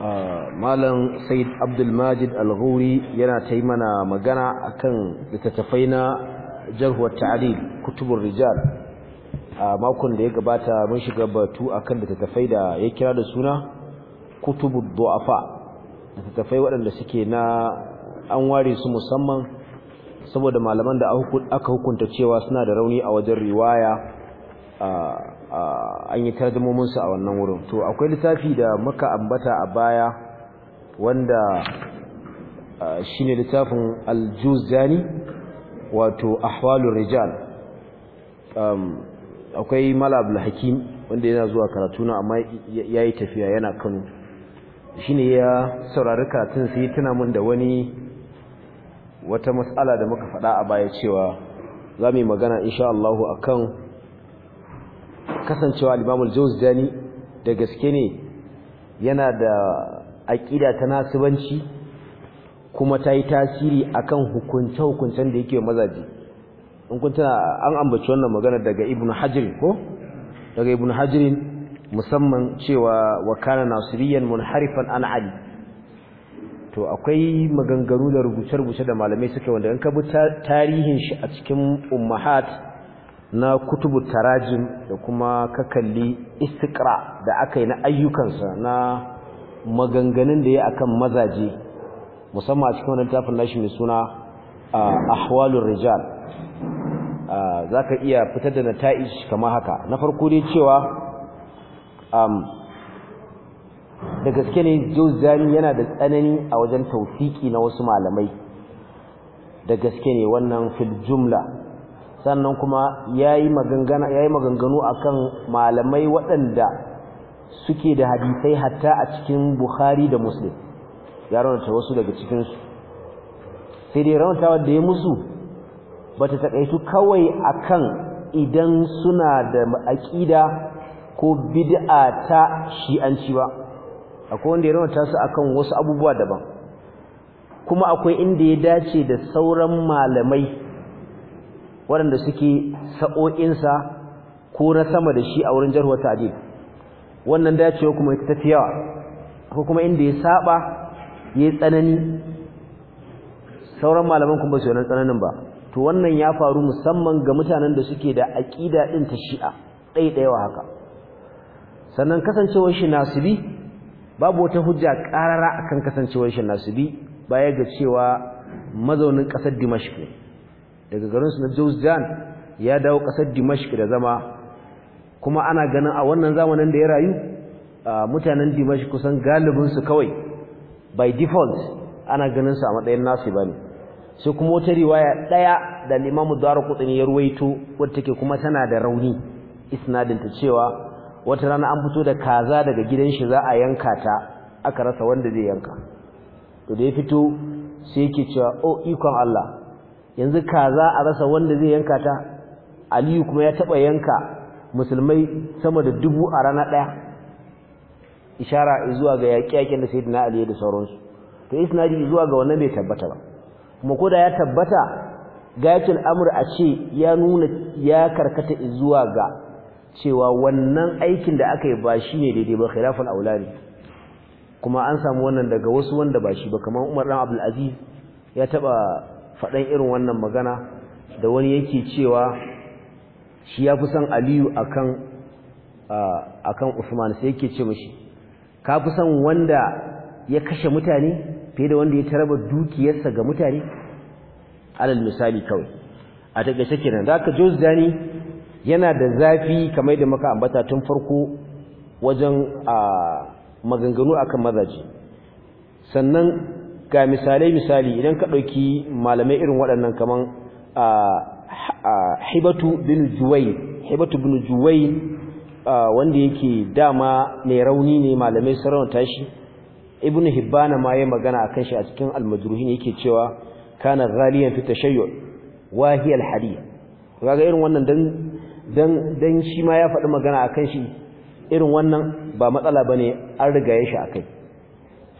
Ah, malam said abdulmajid al-ghuri yana ta yi mana magana akan littattafai na jarhuwar ta'adil kutubun rijal a makon da ya gabata mun shiga batu akan littattafai da ya kira da suna kutubun du'afa littattafai waɗanda suke na an ware su musamman saboda malaman da aka hukunta cewa suna da rauni a wajen riwaya ah, an yi tarjumomin a wannan wurin to akwai littafi da muka ambata a baya wanda shi ne littafin al-Juzani wato ahwalun rijal um, akwai Malam Abdul Hakim wanda yana zuwa karatuna, amma ya yi tafiya yana Kano ne ya saurari karatun sai tuna mun da wani wata matsala da muka faɗa a baya cewa za mu yi magana insha Allah akan kasancewa al-Imam zani da gaske ne yana da aƙida ta nasibanci kuma ta yi tasiri kan hukunce hukuncen da yake mazaje in kun an ambaci wannan magana daga Ibn hajjirin ko daga Ibn hajjirin musamman cewa wa kana nasiriyan munharifan an Ali to akwai maganganu da rubuce-rubuce da malamai suke wanda in ka bi tarihin shi a cikin ummahat na kutubu tarajin da kuma ka kalli istikra da aka yi na ayyukansa na maganganun da ya akan mazaje musamman a cikin wani littafin nashi mai suna ahwalur rijal Za ka iya fitar da nata'ij kamar haka na farko dai cewa da gaske ne Jawzani yana da tsanani a wajen taufiki na wasu malamai da gaske ne wannan filjumla. sannan kuma ya yi maganganu a kan malamai waɗanda suke da hadisai hatta a cikin bukhari da muslim ya raunata wasu daga cikinsu sai dai raunata wadda ya musu ba ta taƙaitu kawai a kan idan suna da aƙida ko bid'a ta shi'anci ba akwai wanda ya raunata su akan wasu abubuwa daban kuma akwai inda ya dace da sauran malamai waɗanda suke sa'o'insa ko na sama da shi a wurin jarhuwar ta'adil wannan dacewa kuma ita tafi yawa ko kuma inda ya saba ya yi tsanani sauran malaman kuma su yana tsananin ba to wannan ya faru musamman ga mutanen da suke da aƙida ɗin ta shi'a ɗaiɗaiwa haka sannan kasancewar shi nasibi babu wata hujja ƙarara akan kasancewar shi nasibi baya ga cewa mazaunin ƙasar dimashi ne daga garin su na Jozjan ya dawo kasar Dimashq da zama kuma ana ganin a wannan zamanin da ya rayu mutanen Dimashq kusan galibin su kawai by default ana ganin su a matsayin nasu bane sai kuma wata riwaya daya da Imam Darqutni ya ruwaito wadda take kuma tana da rauni isnadin ta cewa wata rana an fito da kaza daga gidan shi za a yanka ta aka rasa wanda zai yanka to da ya fito sai yake cewa oh ikon Allah yanzu kaza a rasa wanda zai yanka ta aliyu kuma ya taba yanka musulmai sama da dubu a rana ɗaya ishara zuwa ga yaƙi-yaƙin da sai dina aliyu da sauransu to isnadi zuwa ga wannan bai tabbata ba kuma ko ya tabbata gakin amur a ce ya nuna ya karkata zuwa ga cewa wannan aikin da aka yi ba shi ne daidai ba khilafin ne kuma an samu wannan daga wasu wanda ba shi ba kamar umar dan abdulaziz ya taɓa faɗan irin wannan magana da wani yake cewa shi ya fi son aliyu a kan usman sai yake ce mashi ka fi son wanda ya kashe mutane fiye da wanda ya taraba dukiyarsa ga mutane alal misali kawai a takaice kenan da aka jozdani yana da zafi kamar da maka ambata tun farko wajen maganganu akan mazaje sannan ga misalai misali idan ka ɗauki malamai irin waɗannan kaman hibatu bin juwai hibatu bin juwai wanda yake dama mai rauni ne malamai sarauta tashi ibn hibbana ma ya magana akan shi a cikin al-majruhin yake cewa kana zaliyan fi tashayyu wa hiya al-hadith kaga irin wannan dan dan dan shi ma ya faɗi magana akan shi irin wannan ba matsala bane an riga ya shi akai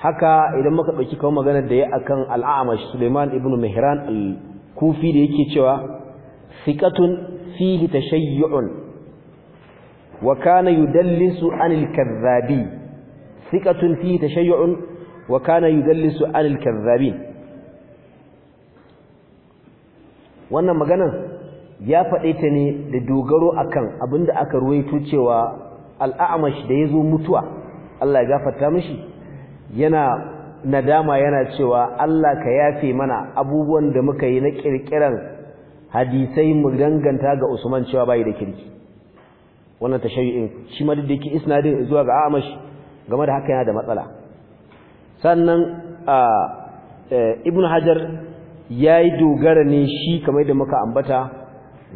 haka idan muka ɗauki kawo maganar da ya akan al'amash suleiman ibn mihran al-kufi da yake cewa siqatun fihi tashayyu'un wa kana yudallisu anil kadhabi siqatun fihi tashayyu'un wa kana yudallisu anil kadhabin wannan maganar ya fade ta ne da dogaro akan abinda aka ruwaito cewa al'amash da yazo mutuwa Allah ya gafarta mishi yana nadama yana cewa Allah ka yafe mana abubuwan da muka yi na kirkiran hadisai mu danganta ga Usman cewa bai da kirki wannan tashayyu'in shi ma da isnadin zuwa ga Amash game da haka yana da matsala sannan e, Ibn Hajar yayi dogara ne shi kamar da muka ambata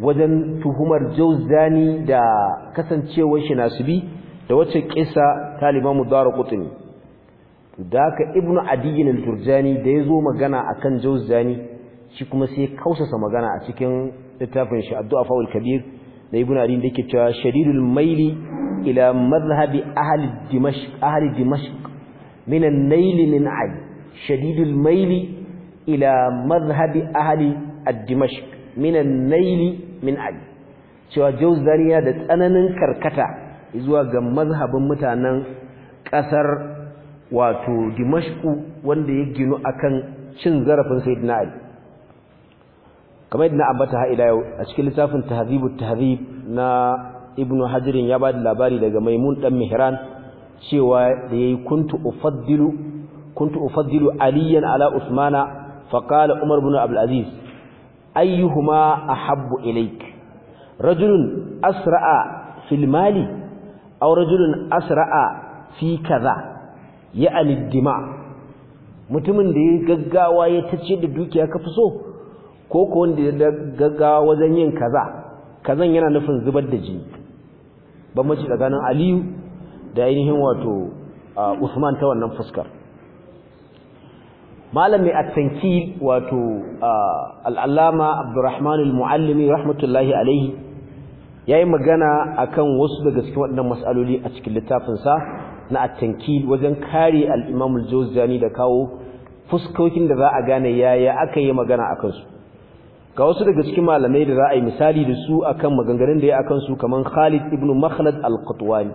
wajen tuhumar Jawzani da kasancewar shi nasibi da wacce ƙisa ta Imam Darqutni da ibnu adiyin al-turjani da zo magana akan jawzani shi kuma sai kausasa magana a cikin littafin shi addu'a faul kabir da ibnu adiyin da ke cewa shadidul maili ila madhhabi ahli dimashq ahli dimashq min al-nail min ay shadidul maili ila madhhabi ahli ad-dimashq min al-nail min ay cewa ya da tsananin karkata zuwa ga mazhabin mutanen kasar wato dimashku wanda ya ginu akan cin zarafin sayyidina ali kamar yadda na ambata ha ila yau a cikin littafin tahdhibut tahdhib na ibnu hajirin ya bada labari daga maimun dan mihran cewa da yayi kuntu ufaddilu kuntu ufaddilu aliyan ala usmana faqala umar ibn abdul aziz ayyuhuma ahabbu ilaik rajulun asra'a fil mali aw rajulun asra'a fi kaza ya alidima mutumin da ya gaggawa ya ce da dukiya ka fi so ko ko wanda ya gaggawa wajen yin kaza kazan yana nufin zubar da jini da tsakanin aliyu da ainihin wato usman ta wannan fuskar malami a wato al alama abdurrahman al-muallimi rahmatullahi alaihi ya yi magana akan wasu daga cikin waɗannan mas'aloli a cikin littafinsa na atanki wajen kare al-Imam al da kawo fuskokin da za a gane yaya aka yi magana a su ga wasu daga cikin malamai da za a yi misali da su akan maganganun da ya akan su kaman Khalid ibn Makhlad al-Qatwani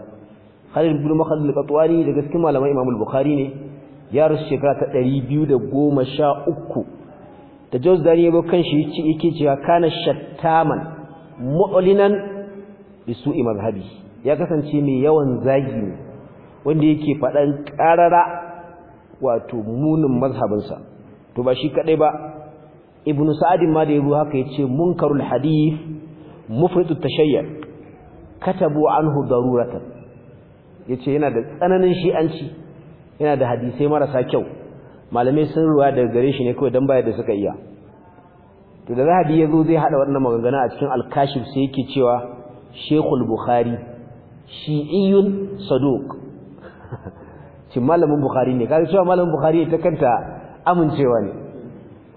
Khalid ibn Makhlad al-Qatwani daga cikin malamai Imam al-Bukhari ne ya rusu shekara ta 213 da jozani ya kan shi yake cewa kana shattaman mu'linan bisu'i mazhabi ya kasance mai yawan zagi ne wanda yake faɗan ƙarara wato munin mazhabinsa to ba shi kaɗai ba ibnu sa'adin ma da ya haka ya ce munkarul hadith mufridu tashayyar katabu anhu daruratan ya ce yana da tsananin shi'anci yana da hadisai marasa kyau malamai sun ruwa daga gare shi ne kawai dan baya da suka iya to da zahabi ya zo zai haɗa wannan maganganu a cikin alkashif sai yake cewa shekul bukhari shi'iyun saduq shi malamin bukhari ne kaga cewa malamin bukhari ta kanta amincewa ne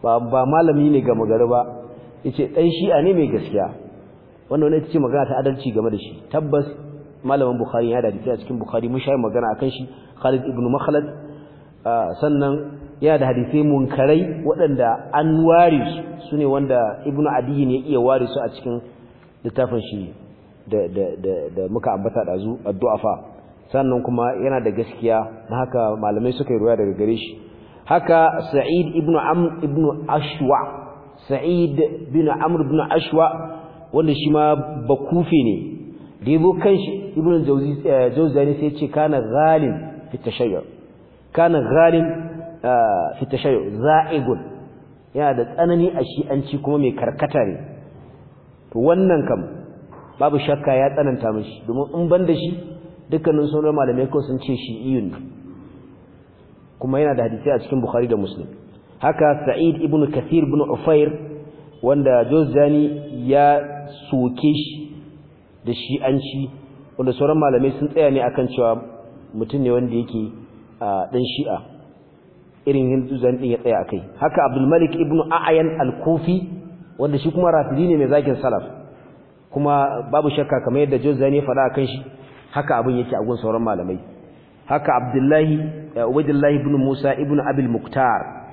ba malami ne ga magari ba yace dan shi'a ne mai gaskiya wannan wani ce magana ta adalci game da shi tabbas malamin bukhari ya da a cikin bukhari mun shayi magana kan shi Khalid ibn Makhlad ah, sannan yana da hadisai munkarai waɗanda an ware su sune wanda ibnu adiyin ya iya ware su a cikin littafin shi da muka ambata da zu addu'afa sannan kuma yana da gaskiya na haka malamai suka yi ruwa daga gare shi haka sa'id ibn amr ibn ashwa sa'id bin amr ibn ashwa wanda shi ma bakufi ne da yabo kanshi ibn jawzi eh, jawzani sai ce kana ghalin fi tashayyur kana ghalin eh, fi tashayyur za'igun yana da tsanani a shi shi'anci kuma mai karkata ne to wannan kam babu shakka ya tsananta mashi domin in ban da shi dukkanin sauran malamai ko sun ce shi iyun ne kuma yana da hadisi a cikin bukhari da muslim haka sa'id Ibnu kathir ibn ufair wanda juzani ya soke shi da shi'anci wanda sauran malamai sun tsaya ne akan cewa mutum ne wanda yake dan shi'a irin hinduzan din ya tsaya akai haka abdul malik ibn a'yan al-kufi wanda shi kuma rafidi ne mai zakin salaf kuma babu shakka kamar yadda juzani ya faɗa akan shi haka abin yake a gun sauran malamai haka abdullahi eh, ubaidullahi ibn musa ibn abul muktar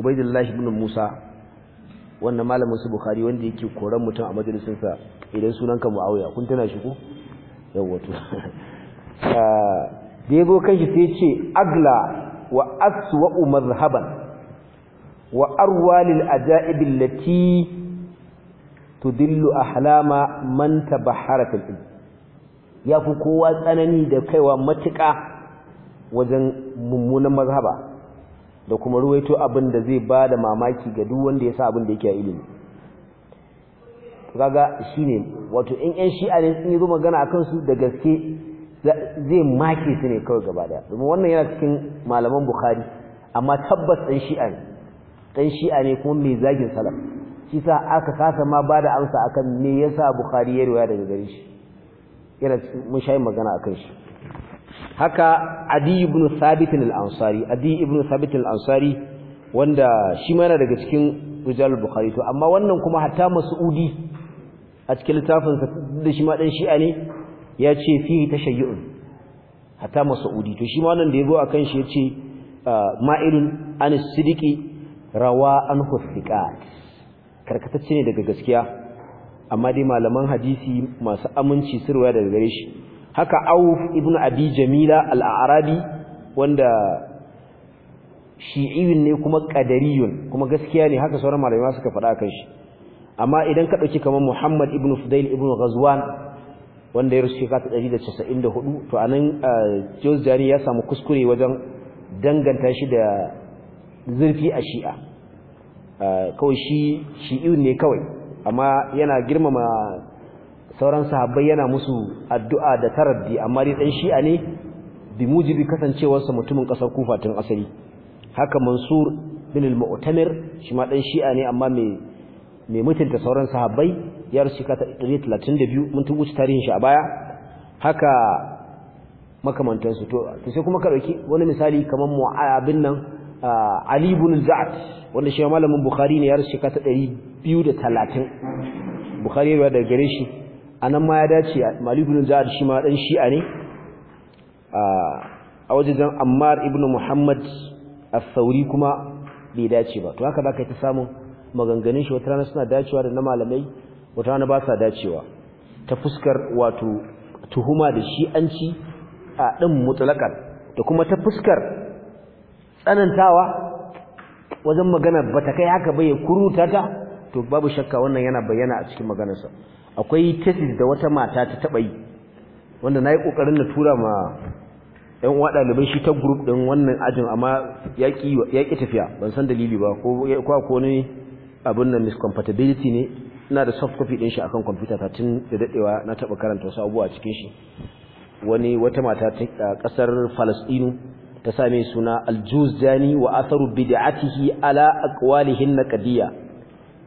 ubaidullahi ibn musa wannan malamin su bukhari wanda yake koran mutum a majalisin sa idan sunanka muawiya kun tana shi ko yawa to ah, da yabo kanshi sai ce agla wa aswa madhhaban wa arwa lil ajaib allati tudillu ahlama man tabahara fil ilm ya fi kowa tsanani da kaiwa matuka wajen mummunan mazhaba da kuma ruwaito abin da zai ba da mamaki ga duk wanda ya sa abin da yake a ilimi kaga shine wato in yan shi'a ne sun yi zo magana a kansu da gaske zai maki su ne kawai gaba daya domin wannan yana cikin malaman bukhari amma tabbas ɗan shi'a ne ɗan shi'a ne kuma mai zagin salaf shi sa aka kasa ma ba da amsa akan me yasa bukhari ya riwaya daga gare shi yana cikin mun shayi magana akan shi haka adi ibn sabit al-ansari adi ibn sabit al-ansari wanda shi ma yana daga cikin rijal bukhari to amma wannan kuma hatta mas'udi a cikin littafin sa da shi ma dan shi'a ne ya ce fi tashayyu'un hatta mas'udi to shi ma wannan da yabo akan shi yace ah, ma'ilun an sidiki rawa an husiqat karkatacce ne daga gaskiya amma dai malaman hadisi masu aminci sirwa daga gare shi haka auf ibnu abi jamila al-arabi wanda shi'iyun ne kuma qadariyun kuma gaskiya ne haka sauran malamai suka faɗa kan shi amma idan ka dauki kamar muhammad ibnu fudail ibnu ghazwan wanda ya rushe kata 194 to anan jari ya samu kuskure wajen danganta shi da zurfi a shi'a kawai shi shi'iyun ne kawai amma yana girmama sauran sahabbai yana musu addu'a da tarabbi amma dai dan shi'a ne bi mujibi kasancewarsa mutumin kasar kufa tun asali haka mansur bin al-mu'tamir shi ma dan shi'a ne amma mai mai mutunta sauran sahabbai ya rushe ka 132 mun tunguci tarihin shi a baya haka makamantansu to to sai kuma ka dauki wani misali kamar bin nan ah, ali ibn za'd wanda shi malamin bukhari ne ya rushe ka 100 biyu da talatin bukari ya da gare shi a nan ma ya dace malibin jihar shi ma ɗan shi'a ne a wajen ammar ibn muhammad al-sauri kuma bai dace ba to haka za ka yi ta samun maganganun shi wata rana suna dacewa da na malamai wata rana ba sa dacewa ta fuskar wato tuhuma da shi'anci a ɗin mutulakar da kuma ta fuskar tsanantawa wajen magana ba ta kai haka bai kuruta ta to babu shakka wannan yana bayyana a cikin maganarsa akwai thesis da wata mata ta taba yi wanda nayi kokarin na tura ma ɗan uwa ɗalibai shi ta group din wannan ajin amma yaki yaki tafiya ban san dalili ba ko ko ko ne abin nan miscompatibility ne ina da soft copy din shi akan computer ta tun da dadewa na taba karanta wasu abubuwa cikin shi wani wata mata ta kasar Palestine ta same suna Al-Juzani wa atharu bid'atihi ala aqwalihin naqdiyah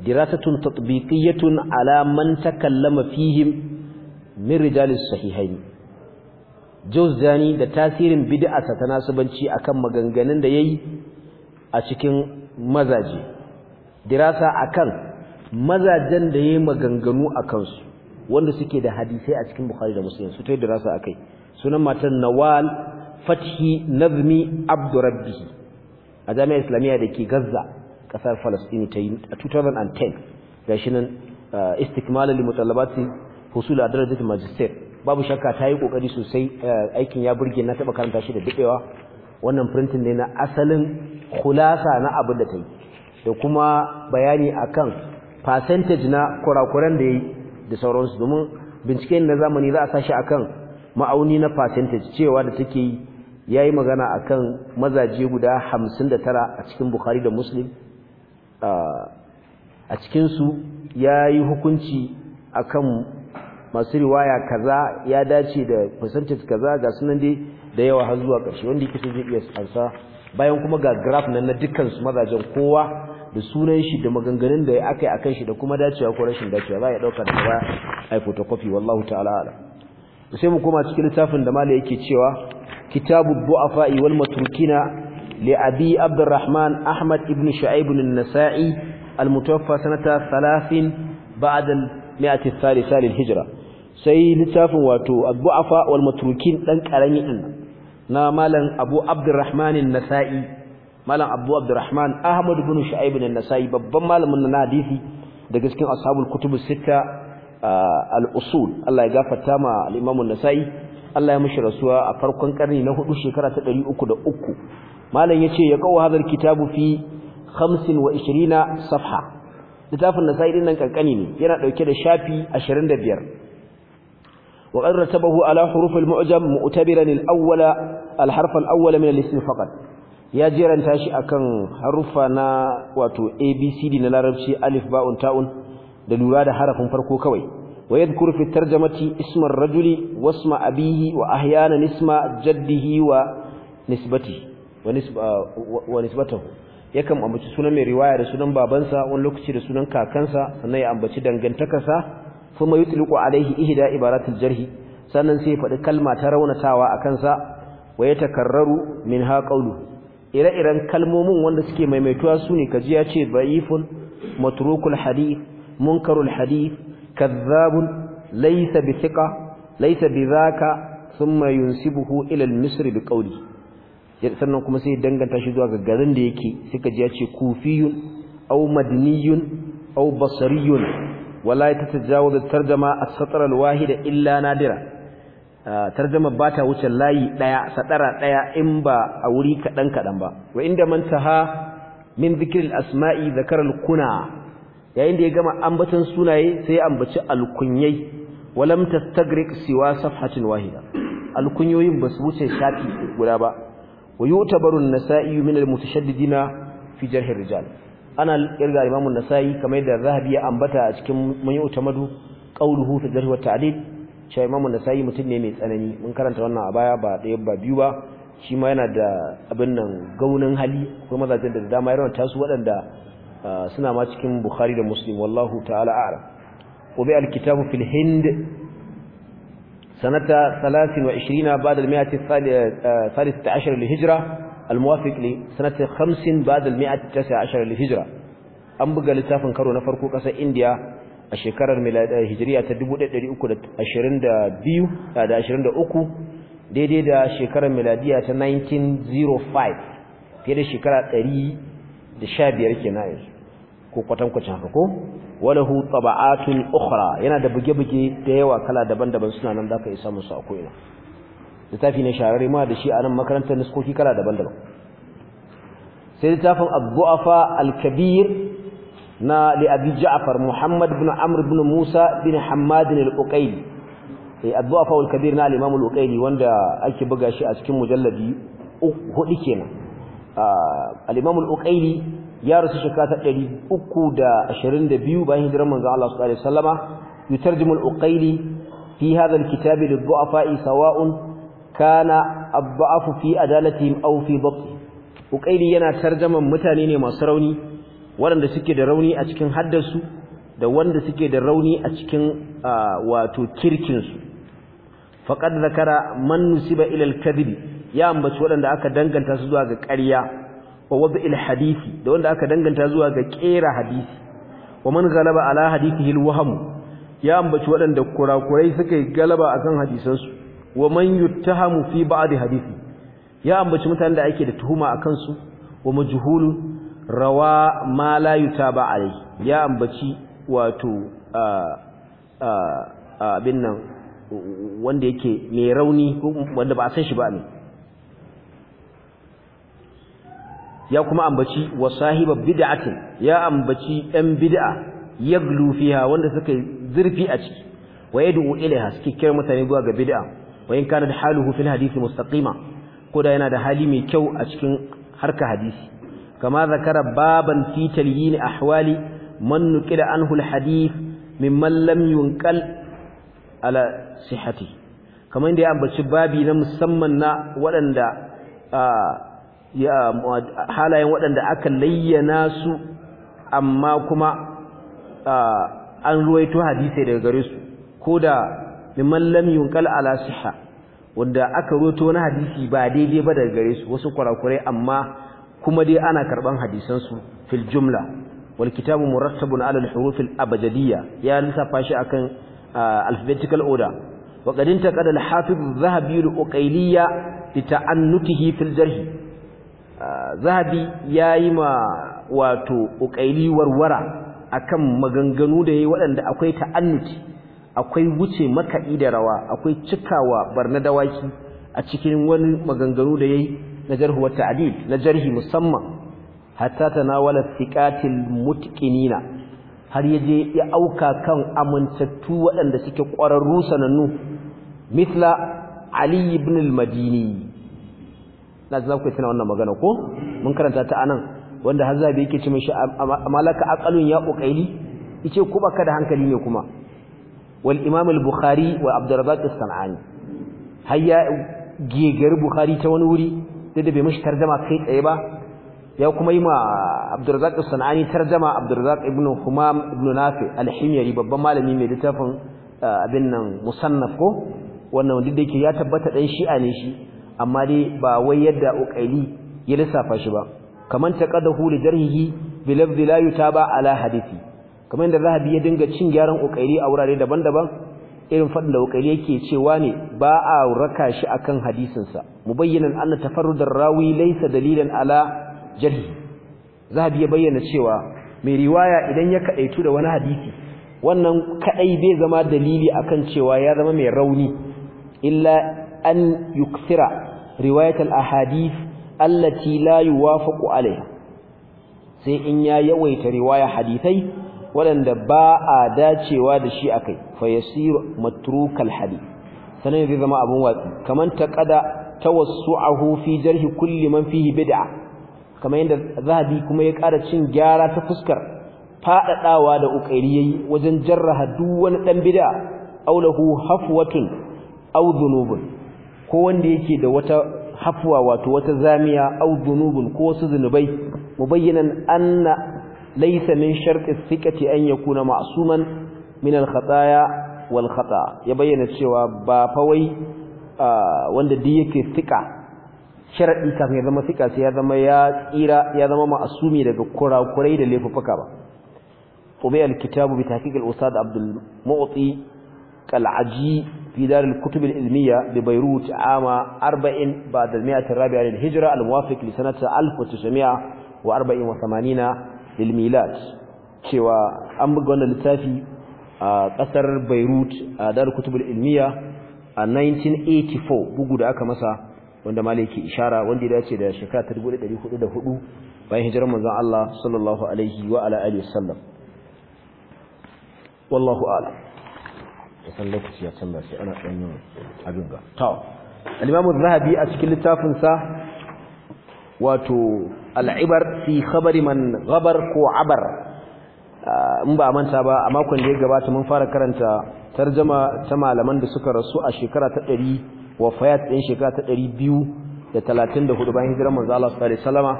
dirasatun tatbiqiyatun alaman ta takallama fihim min rijalis sahihain Jawzani da tasirin bid'arsa ta nasubanci akan maganganun da yayi a cikin mazaje dirasa akan mazajen da yayi maganganu akan su wanda suke da hadisai a cikin Bukhari da Muslim su tayi dirasa akai sunan matan Nawal Fathi Nazmi Abdurrabbi a jami'ar Islamiyya ke Gaza kasar Falasɗini ta yi a 2010 gashi nan uh, istikmalan limutalabati husula a darajar majistar babu shakka ta yi kokari sosai uh, aikin ya burge na taba karanta shi da dubewa wannan firintin ne na asalin kulasa na abin da ta yi da kuma bayani akan percentage na kurakuran da ya yi da sauransu domin binciken na zamani za a sashi akan ma'auni na percentage cewa da take yi yi magana kan mazaje guda 59 a cikin Bukhari da Muslim a cikinsu ya yi hukunci akan masu riwaya kaza ya dace da percentage kaza ga sunan dai da yawa har zuwa ƙarshe wanda yake so zai iya ansa bayan kuma ga graph nan na dukkan su mazajen kowa da sunan shi da maganganun da ya akai akan shi da kuma dacewa ko rashin dacewa za a dauka da a yi photocopy wallahu ta'ala sai mu koma cikin littafin da mala yake cewa kitabu bu'afa'i wal matrukina لأبي عبد الرحمن أحمد بن شعيب النسائي المتوفى سنة ثلاث بعد المئة الثالثة للهجرة sai littafin wato addu'afa wal matrukin dan karami din na malam Abu Abdurrahman an-Nasa'i malam Abu Abdurrahman Ahmad ibn Shu'aib an-Nasa'i babban malamin na hadisi da gaskin ashabul kutubus sita al-usul Allah ya fata ma al nasai Allah ya mishi rasuwa a farkon karni na hudu shekara ta 303 malam yace ya kawo hadar kitabu fi 25 safha littafin nasai din nan kankani ne yana dauke da shafi 25 wa biyar. ratabahu ala huruf al-mu'jam mu'tabiran al-awwala al-harf al-awwala min al-ism faqat ya jiranta shi akan harufa na wato abcd na larabci alif ba'un ta'un da lura da harafin farko kawai ويذكر في الترجمة اسم الرجل واسم أبيه وأحيانا اسم جده ونسبته ونسب ونسبته yakan ambaci sunan mai riwaya da sunan babansa wani lokaci da sunan kakansa sannan ya ambaci dangantakarsa kuma yutliqu alaihi ihda ibaratul jarhi sannan sai ya faɗi kalma ta raunatawa a kansa wa yatakarraru minha qawlu ire-iren kalmomin wanda suke maimaituwa su ne kaji ya ce da'ifun matrukul hadith munkarul hadith kazzabun laysa bi thiqa laysa bi zaka thumma yunsibuhu misri bi qawli sannan kuma sai danganta shi zuwa ga garin da yake suka ji ya ce kufiyun au madniyun au basriyun wala tatajawazu tarjama as-satr al illa nadira tarjama ba ta wuce layi ɗaya, satsara ɗaya, in ba a wuri kaɗan-kaɗan ba wa inda manta ha min dhikri asmai Zakarar kuna yayin da ya gama ambaton sunaye sai ya ambaci alkunyai walam tastagriq siwa safhatin wahida alkunyoyin basu wuce shafi guda ba yutabaru an-nasa'i min al-mutashaddidina fi jarh ar-rijal ana irga imamu an-nasa'i kamar da zahabi ya ambata a cikin yutamadu qawluhu fi jarh wa ta'dil cewa imamu an-nasa'i mutum ne mai tsanani mun karanta wannan a baya ba ɗaya ba biyu ba shi ma yana da abin nan gaunin hali kuma mazajen da dama ya tasu su waɗanda suna ma cikin bukhari da muslim wallahu ta'ala a'lam wa bi al fil hind sanata 23 ba'da al-mi'ah al-thalith al-hijra al-muwafiq li sanata 50 ba'da al-mi'ah al-19 al-hijra an buga littafin karo na farko kasar india a shekarar hijriya ta 1322 da 23 daidai da shekarar miladiya ta 1905 fiye da shekara 115 kenan yanzu ko kwatankwacin haka ko walahu taba'atun ukhra yana da buge-buge da yawa kala daban-daban suna nan zaka isa musu a ko'ina littafi ne shahararre ma da shi a nan makarantar niskoki kala daban-daban sai littafin abdu'afa al-kabir na li abi ja'far muhammad ibn amr ibn musa bin hammad al-uqayli eh abdu'afa al-kabir na al-imam al wanda ake buga shi a cikin mujalladi hudu kenan ah, al-imam al ya rasu shekara ta 322 bayan hijirar manzo Allah sallallahu alaihi wasallama yutarjimu al-uqayli fi hadha al-kitab lid-du'afa'i sawa'un kana ad afu fi adalatihim aw fi dhabti uqayli yana tarjaman mutane ne masu rauni waɗanda suke da rauni a cikin haddarsu da wanda suke da rauni a cikin wato kirkin su faqad zakara man nusiba ila al-kadhib ya ambaci waɗanda aka danganta su zuwa ga ƙarya wa wad'il hadisi da wanda aka danganta zuwa ga kera hadisi wa man galaba ala hadisihi alwahm ya ambaci waɗanda kurakurai suka yi galaba akan hadisansu wa man yuttahamu fi ba'd hadisi ya ambaci mutanen da ake da tuhuma a su wa majhulu rawa ma la yutaba alai ya ambaci wato abin nan wanda yake mai rauni wanda ba a san shi ba ne ya kuma ambaci wa sahiba bid'atin ya ambaci ɗan bid'a yaglu fiha wanda suka yi zurfi a ciki wa yad'u ilaiha suke kira mutane zuwa ga bid'a wa in kana haluhu fil hadisi mustaqima ko da yana da hali mai kyau a cikin harka hadisi kama zakara baban fi talyin ahwali man nuqila anhu al hadith mimman lam yunqal ala sihhati kamar da ya ambaci babi na musamman na waɗanda ah, halayen waɗanda aka layyana su amma kuma an ruwaito hadisai daga gare su ko da mimman lam yunqal ala sihha wanda aka ruwaito wani hadisi ba daidai ba daga gare su wasu kurakurai amma kuma dai ana karban hadisan su fil jumla wal kitabu murattabun ala al huruf al abjadiyya ya lissafa shi akan alphabetical order wa qad intaqada al hafiz al-zahabi al uqayliya li ta'annutihi fil jarh Ah, zahabi ya yi ma wato ukaili warwara akan maganganu da yi waɗanda akwai ta'annuci akwai wuce makaɗi da rawa akwai cikawa barna dawaki a cikin wani maganganu da yayi na jarhu wata adil na jarhi musamman hatta tanawala thiqatil mutqinina har je ya auka kan amintattu waɗanda suke ƙwararru sanannu mithla ali ibn al-madini na za ku tana wannan magana ko mun karanta ta anan wanda har zabi yake ce mishi malaka aqalun ya uqaili yace ku baka da hankali ne kuma wal imam al bukhari wa abdurrazzaq as-sanani hayya gegar bukhari ta wani wuri da da bai mishi tarjama kai tsaye ba ya kuma yi ma abdurrazzaq as-sanani tarjama abdurrazzaq ibnu humam ibnu nafi al-himyari babban malami mai littafin ah, abin nan musannaf ko wannan duk da yake ya tabbata dan shi'a ne shi amma dai ba wai yadda uqaili ya lissafa shi ba kaman taqadahu li jarhihi bi lafzi la yutaba ala hadithi kaman da zahabi ya dinga cin gyaran uqaili a wurare daban-daban irin fadin da uqaili yake cewa ne ba a raka shi akan hadisin sa mubayyinan anna tafarrudar rawi laysa dalilan ala jarhi zahabi ya bayyana cewa mai riwaya idan ya kadaitu da wani hadisi wannan kadai bai zama dalili akan cewa ya zama mai rauni illa an yukthira riwayat al-ahadith allati la yuwafaqu sai in ya yawaita riwaya hadithai waɗanda ba a dacewa da shi akai fa yasiru matrukal hadith sanan zai zama abun watsi kaman taqada tawassu'ahu fi jarhi kulli man fihi bid'a kaman yadda zahabi kuma ya ƙara cin gyara ta fuskar faɗaɗawa da ukairi yayi wajen jarraha duk wani dan bid'a aulahu hafwatun aw dhunubun ko wanda yake da wata hafwa wato wata zamiya au dhunubun ko wasu zunubai mubayyanan anna laysa min shartis thiqati an yakuna ma'suman min al-khataya wal khata ya bayyana cewa ba fa wai wanda duk yake thiqa sharadi kafin ya zama thiqa sai ya zama ya tsira ya zama ma'sumi daga kurakurai da laifuffuka ba ubay al-kitabu bi tahqiq al-ustad abdul mu'ti العجي في دار الكتب العلمية ببيروت عام 40 بعد المئة الرابعة للهجرة الموافق لسنة 1984 للميلاد شوى أمبغون التافي قصر بيروت دار الكتب العلمية 1984 بقود أكا مسا wanda maliki ishara wanda ya dace da shekara 1404 bayan hijirar manzon Allah sallallahu alaihi wa ala alihi wasallam wallahu a'lam kusan lokaci ya canza ana ɗan yin abin ga zahabi a cikin littafin sa wato al'ibar ibar fi khabari man ko abar in ba manta ba a makon da ya gabata mun fara karanta tarjama ta malaman da suka rasu a shekara ta 100 wafayat ɗin shekara ta hudu bayan hijirar manzo Allah sallallahu alaihi wasallama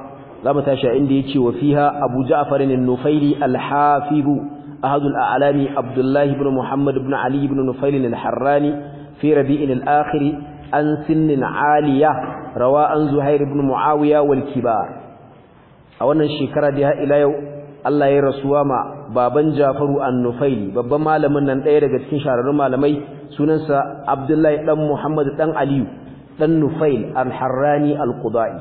zamu tashi inda ya wa fiha abu ja'far an nufairi al أحد الأعلام عبد الله بن محمد بن علي بن نفيل الحراني في ربيع الآخر عن سن عالية روى عن زهير بن معاوية والكبار أولا شكرا بها إلى يوم الله يرسوا ما baban Jafaru An-Nufaili babban malamin nan ɗaya daga cikin shahararrun malamai sunansa Abdullahi dan Muhammad dan Aliyu dan Nufail Al-Harrani Al-Qudai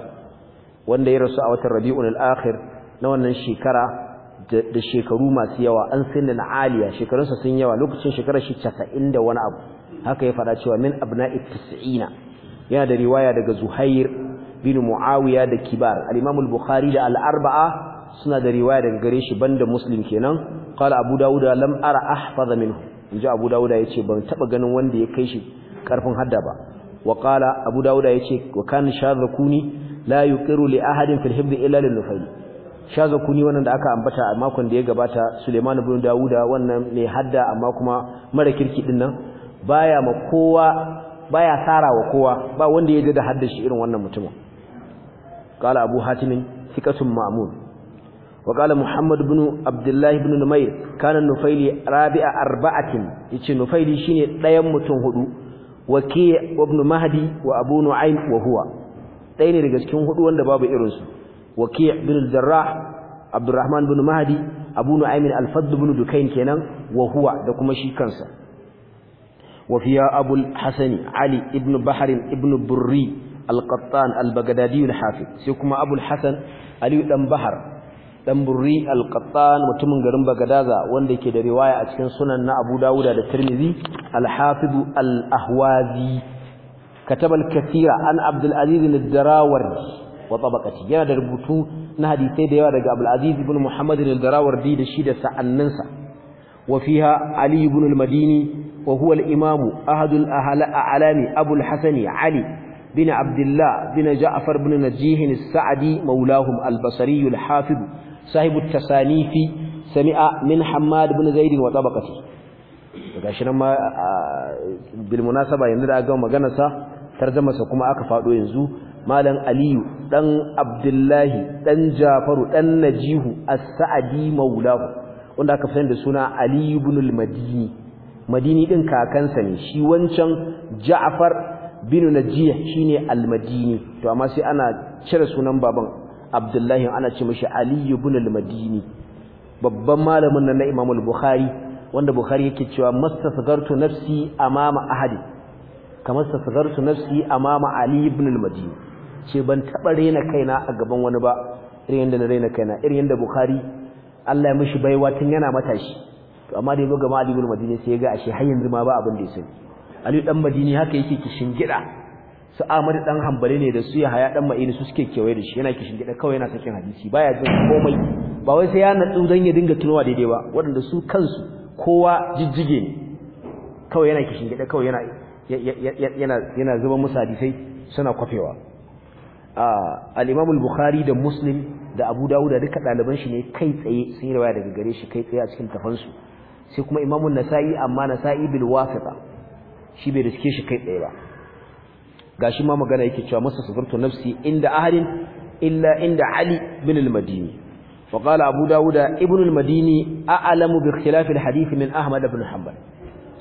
wanda ya rasu a watan Rabiul Akhir na wannan shekara da shekaru masu yawa an na aliya shekarunsa sun yawa lokacin shekarar shi casa'in da wani abu haka ya faɗa cewa min abna'i tis'ina yana da riwaya daga zuhair bin muawiya da kibar al-imam bukhari da al-arba'a suna da riwaya daga gare shi banda muslim kenan qala abu dauda lam ara ahfaza minhu inji abu dauda yace ban taba ganin wanda ya kai shi karfin hadda ba wa qala abu dauda yace wa kan shadhakuni la yuqiru li ahadin fil hibbi illa lin nufaili kuni wannan da aka ambata a makon da ya gabata Suleiman ibn Dawuda wannan mai hadda amma kuma mara kirki din nan baya ma kowa baya sarawa kowa ba wanda ya da hadda shi irin wannan mutumin qala abu hatim thiqatun ma'mun wa qala muhammad ibn abdullah ibn numayr kana nufaili rabi'a arba'atin yace nufaili shine ɗayan mutum hudu waki ibn mahdi wa abu nu'aym wa huwa ɗaya ne daga cikin hudu wanda babu irinsu waki' bin al-jarrah abdurrahman bin mahdi abu nu'aym al bin dukayn kenan wa da kuma shi kansa wa fiya abul hasan ali ibn bahr ibn burri al-qattan al sai kuma abul hasan ali dan bahr dan burri mutumin garin bagadaza wanda yake da riwaya a cikin sunan na abu dawuda da tirmidhi al-hafiz al-ahwazi كتب الكثير عن عبد العزيز wa tabaqati yana da rubutu na hadisai da yawa daga Abdul Aziz ibn Muhammad al-Darawardi da shi da sa'annansa wa fiha Ali madini wa imam ahad al-alami Ali bin Abdullah bin Ja'far bin Najih al-Sa'di mawlahum al-Basri al sahibu at-tasanifi sami'a min Hammad ibn Zaid wa tabaqati gashi nan ma munasaba yanzu da aka gama maganarsa tarjumarsa kuma aka fado yanzu malam aliyu Ɗan abdullahi ɗan jafaru ɗan najihu as-sa'di maulahu wanda aka fahimta da suna ali ibn al-madini madini din kakansa ne shi wancan ja'far bin shi shine al-madini to amma sai ana cire sunan baban abdullahi ana ce mashi ali ibn al-madini babban malamin nan na imam al-bukhari wanda bukhari yake cewa mastasgartu nafsi amama ahadi kamar tasgartu nafsi amama ali ibn al-madini ce ban taɓa rena kaina a gaban wani ba irin yadda na rena kaina irin yadda bukhari Allah ya mishi baiwa tun yana matashi to amma da ya gama Ali ibn Madini sai ya ga ashe har yanzu ma ba abin da ya sani Ali dan Madini haka yake kishin gida su Ahmad dan Hanbali ne da su ya haya dan Ma'ini su suke kewaye da shi yana kishin gida kawai yana sakin hadisi baya jin komai ba wai sai ya natsu dan ya dinga tunowa daidai ba waɗanda su kansu kowa jijjige ne kawai yana kishin gida kawai yana yana yana zuba musu hadisai suna kwafewa al al-Bukhari da Muslim da Abu Dawud da duka ɗaliban shi ne kai tsaye sun yi riwaya daga gare shi kai tsaye a cikin tafansu sai kuma Imam nasai amma Nasa'i bil wasita shi bai riske shi kai tsaye ba gashi ma magana yake cewa masa sabartu nafsi inda ahadin illa inda Ali bin al-Madini wa qala Abu Dawud ibn al-Madini a'lamu bi ikhtilaf al-hadith min Ahmad ibn Hanbal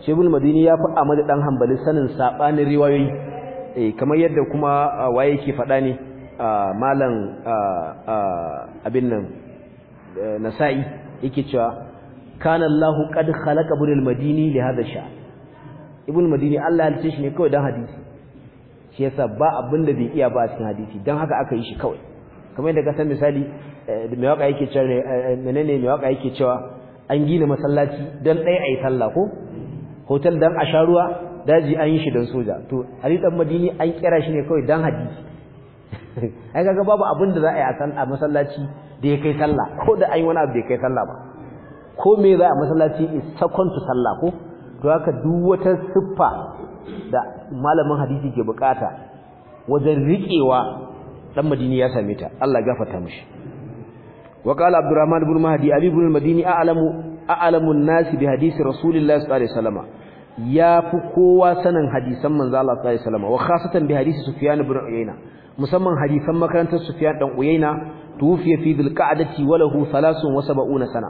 shi ibn al-Madini ya fi Ahmad dan Hanbali sanin sabanin riwayoyi Eh, kamar yadda kuma ah, waye ke faɗa ne ah, malam ah, abin nan eh, nasa'i yake cewa kana Allah qad khalaqa ibn madini li hadha sha ibn madini Allah ya shi ne kawai dan hadisi shi yasa ba abin da bai iya ba a cikin hadisi dan haka aka yi shi kawai kamar yadda ka san misali eh, mai waka yake cewa menene mai waka yake cewa an gina masallaci dan dai ayi sallah ko hotel dan a sha ruwa daji an yi shi don soja to ali dan madini an kira shi ne kawai dan hadisi ai kaga babu abin da za a yi a masallaci da ya kai sallah ko da an yi wani abu da ya kai sallah ba ko me za a masallaci is second to sallah ko to haka duk wata siffa da malamin hadisi ke bukata wajen riƙewa dan madini ya same ta Allah ya gafarta mishi wa qala abdurrahman ibn mahdi abi ibn madini a'lamu a'lamu an-nas bi hadisi rasulillahi sallallahu alaihi wasallam ya fi kowa sanin hadisan manzo Allah sallallahu alaihi wasallam wa khasatan bi hadisi Sufyan ibn Uyayna musamman hadisan makarantar Sufyan dan Uyayna tufiya fi qa'dati wa lahu 73 sana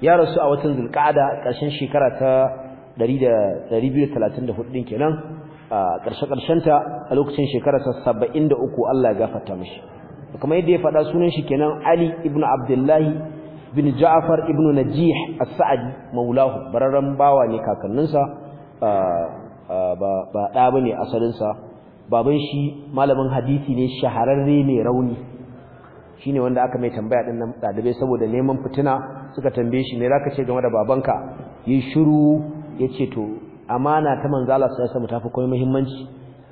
ya rasu a watan qa'da karshen shekara ta 234 din kenan a karshe karshen ta a lokacin shekara ta 73 Allah ya gafarta mishi kamar yadda ya faɗa sunan shi kenan Ali ibn Abdullahi bin Ja'far ibn Najih as-Sa'di maulahu bararran bawa ne kakanninsa ba ɗa ba ne asalinsa baban shi malamin hadisi ne shahararre mai rauni shi ne wanda aka mai tambaya ɗin nan ɗalibai saboda neman fitina suka tambaye shi me za ce game da babanka yi shiru ya ce to amana ta manzala sai samu tafi kuma muhimmanci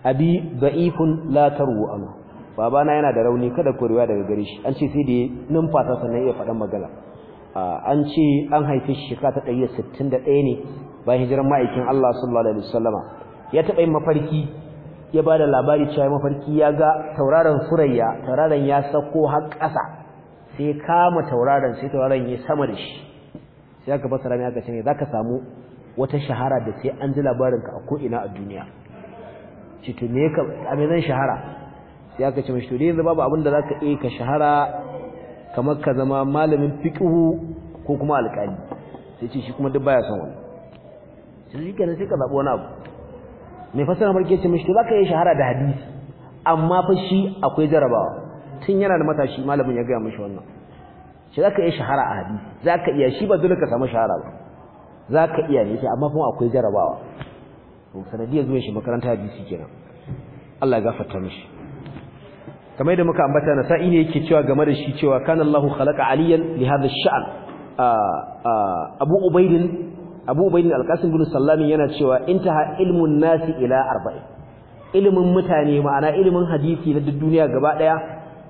abi da'ifun la tarwu ana babana yana da rauni kada ku riwaya daga gare shi an ce sai da numfasa sannan iya faɗan magana an ce an haife shi shekara ta ɗaya ne bayan hijiran ma'aikin Allah sallallahu alaihi wasallama ya taɓa yin mafarki ya bada labari cewa mafarki ya ga tauraron Surayya tauraron ya sako har ƙasa sai kama tauraron sai tauraron ya sama da shi sai aka fasara mai aka ce ne zaka samu wata shahara da sai an ji labarin ka a ko ina a duniya ce to me ka a me zan shahara sai aka ce mishi to dai babu abin da zaka iya ka shahara kamar ka zama malamin fiqhu ko kuma alƙali sai ce shi kuma duk baya son wani shi kenan sai ka zabo wani abu mai fasara farke ce mishi to zaka yi shahara da hadisi amma fa shi akwai jarabawa tun yana da matashi malamin ya gaya mishi wannan shi zaka yi shahara a hadisi zaka iya shi ba dole ka samu shahara ba zaka iya ne amma kuma akwai jarabawa to sanadiyar zuwa shi makaranta hadisi kenan Allah ya gafarta mishi kamar yadda muka ambata na sa'i ne yake cewa game da shi cewa kana Allahu khalaqa aliyan li hadha ash-sha'n ah, ah, Abu Ubaidin abu ubaidin alkasim bin sallami yana cewa intaha ilmun nasi ila arba'in ilimin mutane ma'ana ilimin hadisi na duk duniya gaba daya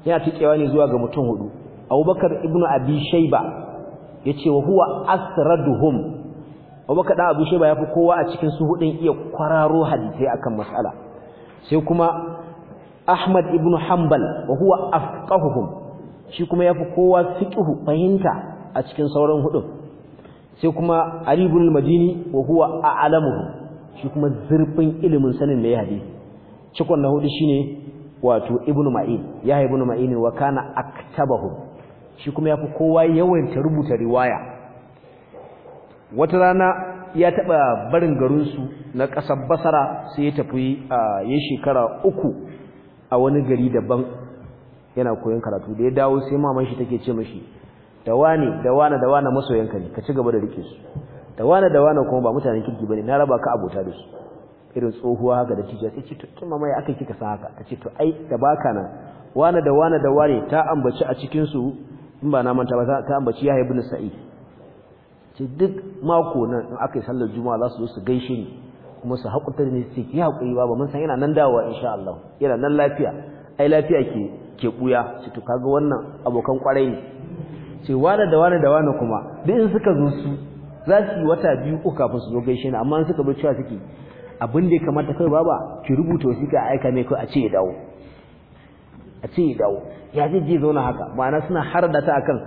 yana tikewa ne zuwa ga mutum hudu abubakar ibnu abi shayba yace wa huwa asraduhum abubakar da abu shayba yafi kowa a cikin su hudun iya kwararo hadisi akan mas'ala sai kuma ahmad ibnu hanbal wa huwa afqahuhum shi kuma yafi kowa fiqhu fahimta a cikin sauran hudun sai kuma ali ibn madini wa huwa a'lamuhu shi kuma zurfin ilimin sanin mai shi cikon na hudu shine wato ibn ma'in ya ibn ma'in wa kana aktabahu shi kuma yafi kowa ta rubuta riwaya wata rana ya taba barin garin su na kasar basara sai ya tafi a ya shekara uku a wani gari daban yana koyon karatu da ya dawo sai maman shi take ce mashi da wani da wani da wani masoyanka ne ka ci gaba da rike su da wani da wani kuma ba mutanen kirki bane na raba ka abota da su irin tsohuwa haka da tijja sai ce to kin mamaye akai kika sa haka ce to ai da baka nan wani da wani da wani ta ambaci a cikin su in ba na manta ba ta ambaci Yahya ibn Sa'id ce duk mako nan in aka akai sallar juma'a za su zo su gaishe ni kuma su hakunta ne su ki hakuri ba mun san yana nan dawowa insha Allah yana nan lafiya ai lafiya ke ke buya to kaga wannan abokan kwarai ne ce wane da wane da wane kuma duk in suka zo su za su yi wata biyu uku kafin su zo gaishe ni amma suka bar cewa suke abin da ya kamata kai baba ki rubuta wasiƙa a aika mai kai a ce ya dawo a ce ya dawo ya zai je zauna haka ma'ana suna har da ta akan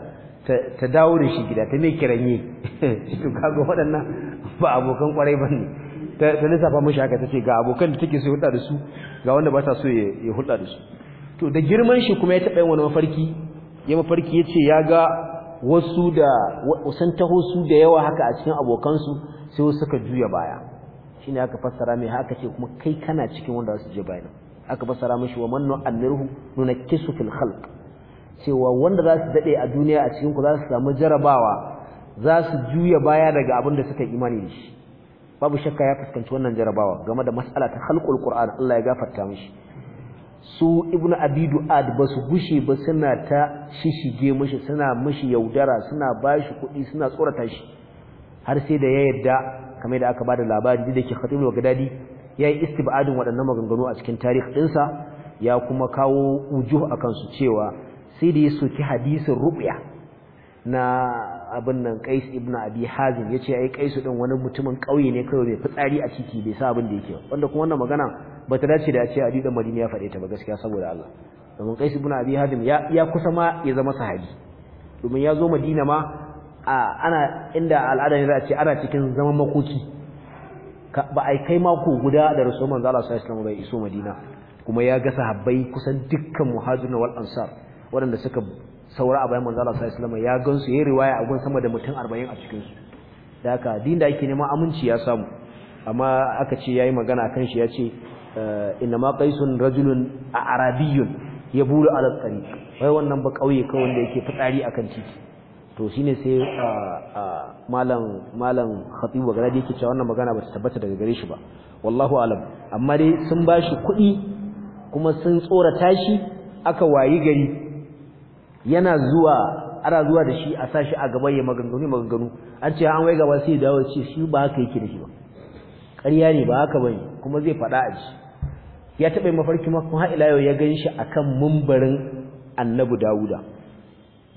ta dawo da shi gida ta mai kiranye to kaga waɗannan ba abokan kwarai ba ne ta lissafa mashi haka ta ce ga abokan da take so ya hulɗa da su ga wanda ba ta so ya hulɗa da su to da girman shi kuma ya taɓa yin wani mafarki ya mafarki ya ce ya ga wasu da wasan taho su da yawa haka a cikin abokansu sai wasu suka juya baya ne aka fassara mai haka ce kuma kai kana cikin wanda su je bayan aka fassara mashi wa nirhu Nuna kisu fil khalq cewa wanda za su dade a duniya a cikin ku za su samu jarabawa za su juya baya daga abin da suka imani da shi babu shakka ya fuskanci wannan jarabawa game da mas'ala ta khalqul qur'an Allah ya gafarta mishi su ibnu abidu ad ba su gushe ba suna ta shishige mashi suna mashi yaudara suna ba shi kuɗi suna tsorata shi har sai da ya yarda kamar da aka bada labari da ke khatibul gadadi yayi istibadin waɗannan maganganu a cikin tarihi ɗinsa ya kuma kawo ujuh akan su cewa sai da ya soki hadisin ruqya na abin nan Qais ibn Abi Hazim yace ai Qais din wani mutumin ƙauye ne kawai bai fitsari a ciki bai sa abin da yake wanda kuma wannan magana Bata dace da a ce Ali dan Madini ya faɗe ta ba gaskiya saboda Allah domin Qais ibn Abi Hadim ya ya kusa ma ya zama sahabi domin ya zo Madina ma a ana inda al'ada ne za ce ana cikin zaman makoki ba a kai mako guda da Rasulullah manzo Allah sallallahu alaihi bai iso Madina kuma ya ga sahabbai kusan dukkan muhajirin wal ansar waɗanda suka saura a bayan manzo Allah sallallahu alaihi ya gansu yayin riwaya a gun sama da mutum 40 a cikin su da haka din da ake neman aminci ya samu amma aka ce yayi magana kan shi ya ce Eh, inama qaisun rajulun arabiyyun yabulu ala tsari wai wannan ba kauye kawai wanda yake fitsari akan titi to shine sai malam malam khatibu ga dai yake cewa wannan magana ba ta tabbata daga gare shi ba wallahu alam amma dai sun bashi kuɗi kuma sun tsora tashi aka wayi gari yana zuwa ana zuwa da shi a sashi a gaban ya maganganu maganganu an ce an wai gaba sai dawo ce shi ba haka yake da shi ba ƙarya ne ba haka bane kuma zai faɗa a ji ya taɓa yin mafarki ma kuma ila yau ya gan shi a kan mumbarin annabi dawuda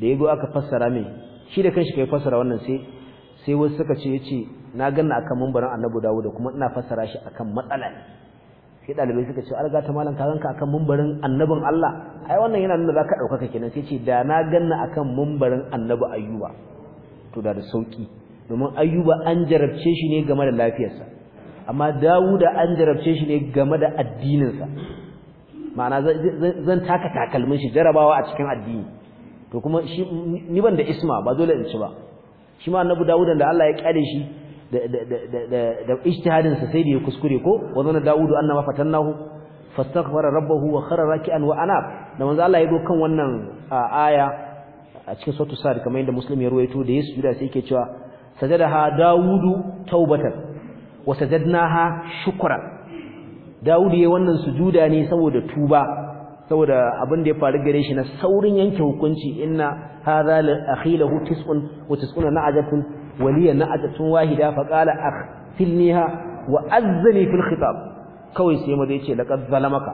da ya zo aka fassara mai shi da kanshi yi fassara wannan sai sai wasu suka ce ya ce na ganna a kan mumbarin annabi dawuda kuma ina fassara shi a kan matsala ne sai ɗalibai suka ce alga ta malam ka ganka a kan mumbarin annabin allah ai wannan yana nuna za ka ɗaukaka kenan sai ce da na ganna a kan mumbarin annabi Ayuba, to da da sauƙi domin Ayuba an jarabce shi ne game da lafiyarsa amma Dawuda an jarabce shi ne game da addininsa ma'ana zan taka takalmin shi jarabawa a cikin addini to kuma shi ni ban da isma ba dole in ci ba shi ma annabi Dawuda da Allah ya kyale shi da da ijtihadin sa sai da ya kuskure ko wannan Dawudu annama fatannahu fastaghfara rabbahu wa kharra raki'an wa anab da manzo Allah ya go kan wannan aya a cikin suratul sad kamar yadda muslim ya ruwaito da Yesu da sai yake cewa sajadaha Dawudu taubatan wa sajadnaha shukran Dawudi ya wannan sujuda ne saboda tuba saboda abin da ya faru gare shi na saurin yanke hukunci inna hadha li akhilahu tis'un wa tis'una na'ajatun waliya na'ajatun wahida fa qala akhfilniha wa azzani fil khitab kawai sai maza yace laqad zalamaka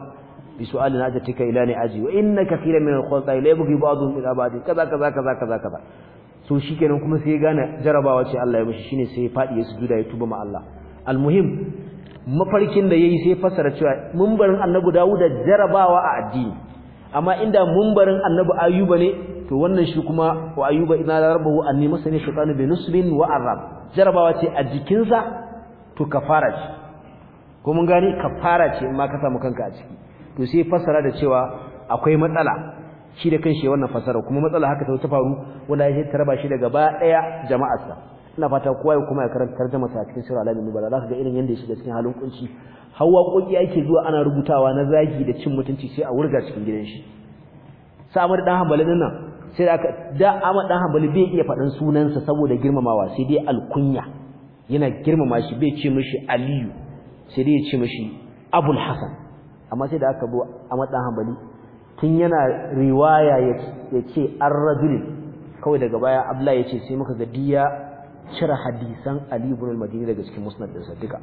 bi su'ali na'ajatika ila ni'aji wa inna kathiran min al-khulqa la yabghi ba'dhum ila ba'd kaza kaza kaza kaza kaza so shikenan kuma sai ya gane jarabawa ce Allah ya mishi shine sai ya fadi ya sujuda ya tuba ma Allah almuhim mafarkin da yayi sai fasara cewa mumbarin annabi Dawuda jarabawa a addini amma inda mumbarin annabi Ayuba ne to wannan shi kuma wa Ayuba ina rabbahu anni masani shaytanu bi nusbin wa arab jarabawa ce a jikinsa to kafara ce ko mun gani kafara ce in ma ka samu kanka a ciki to sai fasara da cewa akwai matsala shi da kanshi wannan fasara kuma matsala haka ta faru wanda ya tarba shi da gaba daya jama'arsa ina fata kowa ya kuma ya karanta tarjuma ta cikin sura alamin nubala za ka ga irin yanda ya shiga cikin halin kunci hawa koki ake zuwa ana rubutawa na zagi da cin mutunci sai a wurga cikin gidan shi sai Ahmad dan Hanbali nan sai da da amma dan Hanbali bai iya faɗan sunansa saboda girmamawa sai dai alkunya yana girmama shi bai ce mishi Aliyu sai dai ya ce mishi Abul Hasan amma sai da aka bo amma dan Hanbali tun yana riwaya ya ce ar kawai daga baya Abdullahi ya ce sai muka ga diya cire hadisan Ali ibn al-Madini daga cikin musnad din sa duka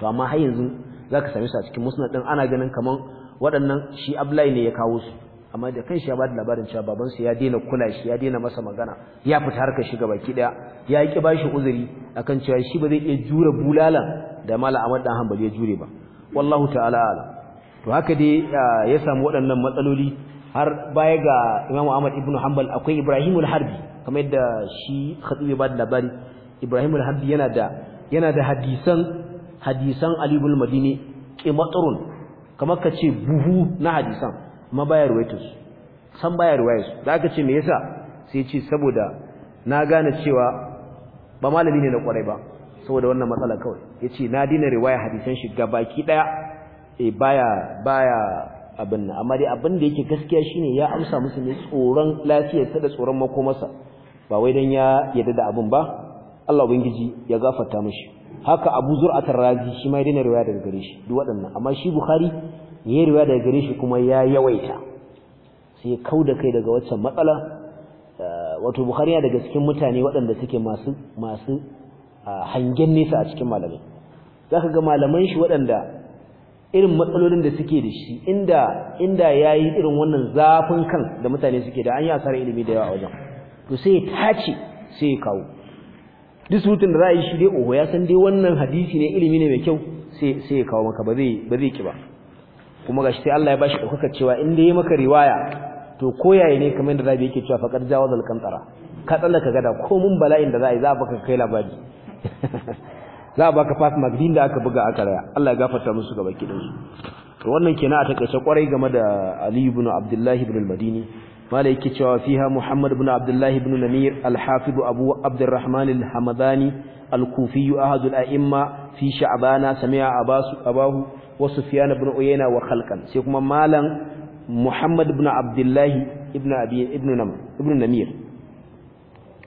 to amma har yanzu zaka same su a cikin musnad din ana ganin kaman waɗannan shi Ablai ne ya kawo su amma da kanshi ya bada labarin cewa baban ya daina kula shi ya daina masa magana ya fita harkar shi baki daya ya yi shi uzuri akan cewa shi ba zai iya jure bulalan da mala Ahmad dan Hanbali ya jure ba wallahu ta'ala ala to haka dai ya samu waɗannan matsaloli har baya ga Imam Ahmad ibn Hanbal akwai Ibrahim ul harbi kamar yadda shi khatibi ba da labari Ibrahim al-Habbi yana da yana da hadisan hadisan Ali ibn Madini qimatrun kamar ka ce buhu na hadisan amma baya ruwaito su san baya ruwaito da aka ce me yasa sai ce saboda na gane cewa ba malami ne na kwarai ba saboda wannan matsala kawai yace na dina riwaya hadisan shi gabaki daya eh baya baya abin nan amma dai abin da yake gaskiya shine ya amsa musu ne tsoron lafiyarsa da tsoron makomarsa ba wai dan ya yadda da abun ba Allah ubangiji ya gafarta mishi haka Abu Zur'at ar-Razi shi mai yana riwaya daga gare shi duk waɗannan amma shi Bukhari ya riwaya daga gare shi kuma ya yawaita sai ya kauda kai daga waccan matsala eh, wato Bukhari yana daga cikin mutane waɗanda suke masu masu hangen nesa a cikin malamai zaka ga malaman shi waɗanda irin matsalolin da suke da shi inda inda yayi irin wannan zafin kan da mutane suke da an yi asarar ilimi da yawa a wajen to sai ya tace sai ya kawo duk sutun da za a yi shi dai oho ya san dai wannan hadisi ne ilimi ne mai kyau sai sai ya kawo maka ba zai ba zai ki ba kuma gashi sai Allah ya bashi ɗaukaka cewa in dai ya maka riwaya to koyaye ne kamar yadda zabi yake cewa faqad jawazal qantara ka ka gada ko mun bala'in da za a yi za a baka kai labari za a baka pass mark din da aka buga aka raya Allah ya gafarta musu gaba ki su to wannan kenan a takaice kwarai game da Ali ibn Abdullah ibn al-Madini mala yake cewa fiha muhammad ibn abdullah ibn namir al-hafiz abu abdurrahman al-hamadani al-kufi ahad al-a'imma fi sha'bana sami'a abasu abahu wa sufyan ibn uyayna wa khalqan sai kuma malam muhammad ibn abdullah ibn abi namir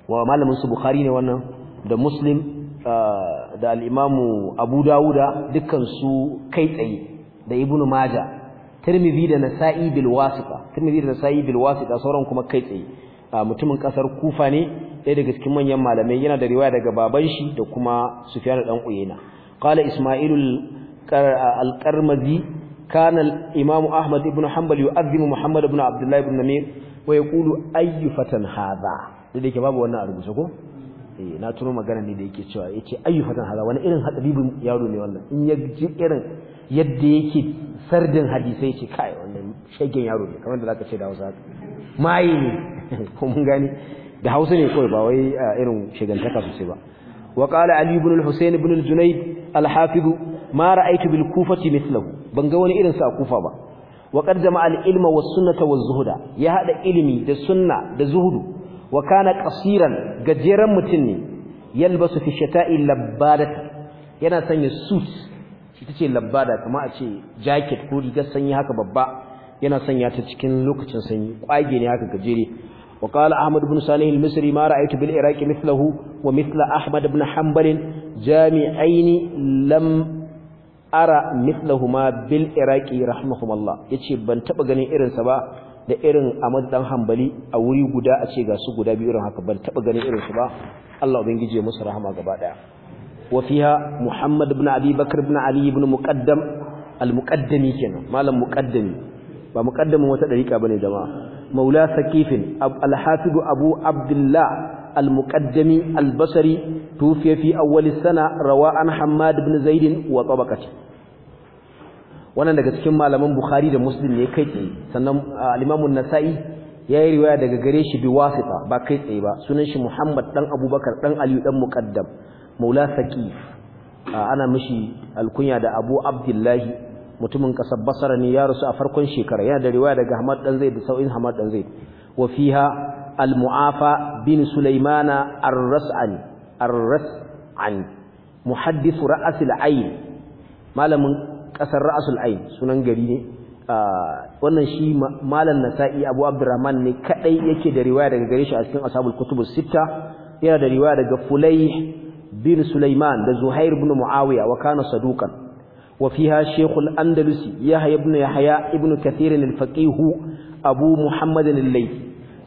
wa malamin bukhari ne wannan da muslim ah, da al abu dawuda dukkan kai tsaye da ibn maja. tirmidhi da nasa'i bil wasita tirmidhi da nasa'i bil wasita sauran kuma kai tsaye mutumin kasar kufa ne ɗaya daga cikin manyan malamai yana da riwaya daga baban shi da kuma sufyan dan uyena qala al imam ahmad ibn hanbal yu'azzimu muhammad ibn abdullah ibn namir wa yaqulu ayy fatan hadha فتن هذا babu wannan وانا ko eh na tuno magana ne da yake cewa yace ayyufatan hada wani irin hadari yaro ne wannan in ya ji irin yadda yake sardin hadisai ce kai wannan shagen yaro ne kamar da zaka ce da Hausa mai ne ko mun gane da Hausa ne kawai ba wai irin shigantaka sosai ba wa qala ali ibn al-husayn ibn al-junayd al-hafiz ma ra'aytu bil kufati mithlahu ban ga wani irin sa a kufa ba wa qad jama'a al-ilma was sunnata waz zuhda ya hada ilimi da sunna da zuhudu wa kana qasiran gajeren mutum ne yalbasu fi shata'i labbadata yana sanya suit ita ce labbada kama a ce jacket ko rigar sanyi haka babba yana sanya ta cikin lokacin sanyi kwage ne haka gajere wa qala ahmad ibn salih al-misri ma ra'aytu bil iraki mithlahu wa mithla ahmad ibn hanbal jami'ain lam ara ma bil iraqi ya yace ban taba ganin irinsa ba da irin ahmad dan hanbali a wuri guda a ce ga su guda biyu irin haka ban taba ganin irin su ba Allah ya musu rahama gaba daya وفيها محمد بن أبي بكر بن علي بن مقدم المقدمي كنا ما لم مقدمي ومقدم هو تدريك أبني جماعة مولى ثقيف الحافظ أبو عبد الله المقدمي البصري توفي في أول السنة رواء حماد بن زيد وطبقته wannan daga cikin malaman Bukhari da Muslim ne kai tsaye sannan al-Imam an-Nasa'i yayi riwaya daga gare shi bi wasita ba kai tsaye ba sunan shi Muhammad dan Abubakar dan Ali dan Muqaddam maula saqif ana mishi alkunya da abu abdullahi mutumin kasar basra ne ya rasu a farkon shekara yana da riwaya daga Ahmad dan zaid da sau'in Ahmad dan zaid wa fiha al-mu'afa bin sulaimana ar-ras'ani ar-ras'ani muhaddith ra's al-ayn malamin kasar ra's al-ayn sunan gari ne wannan shi malam nasa'i abu abdurrahman ne kadai yake da riwaya daga gare shi a cikin ashabul kutubus sitta yana da riwaya daga fulayh bin Sulaiman da Zuhair ibn Muawiya wa kana saduqan wa fiha andalusi Yahya ibn Yahya ibn Kathir al-Faqih Abu Muhammad al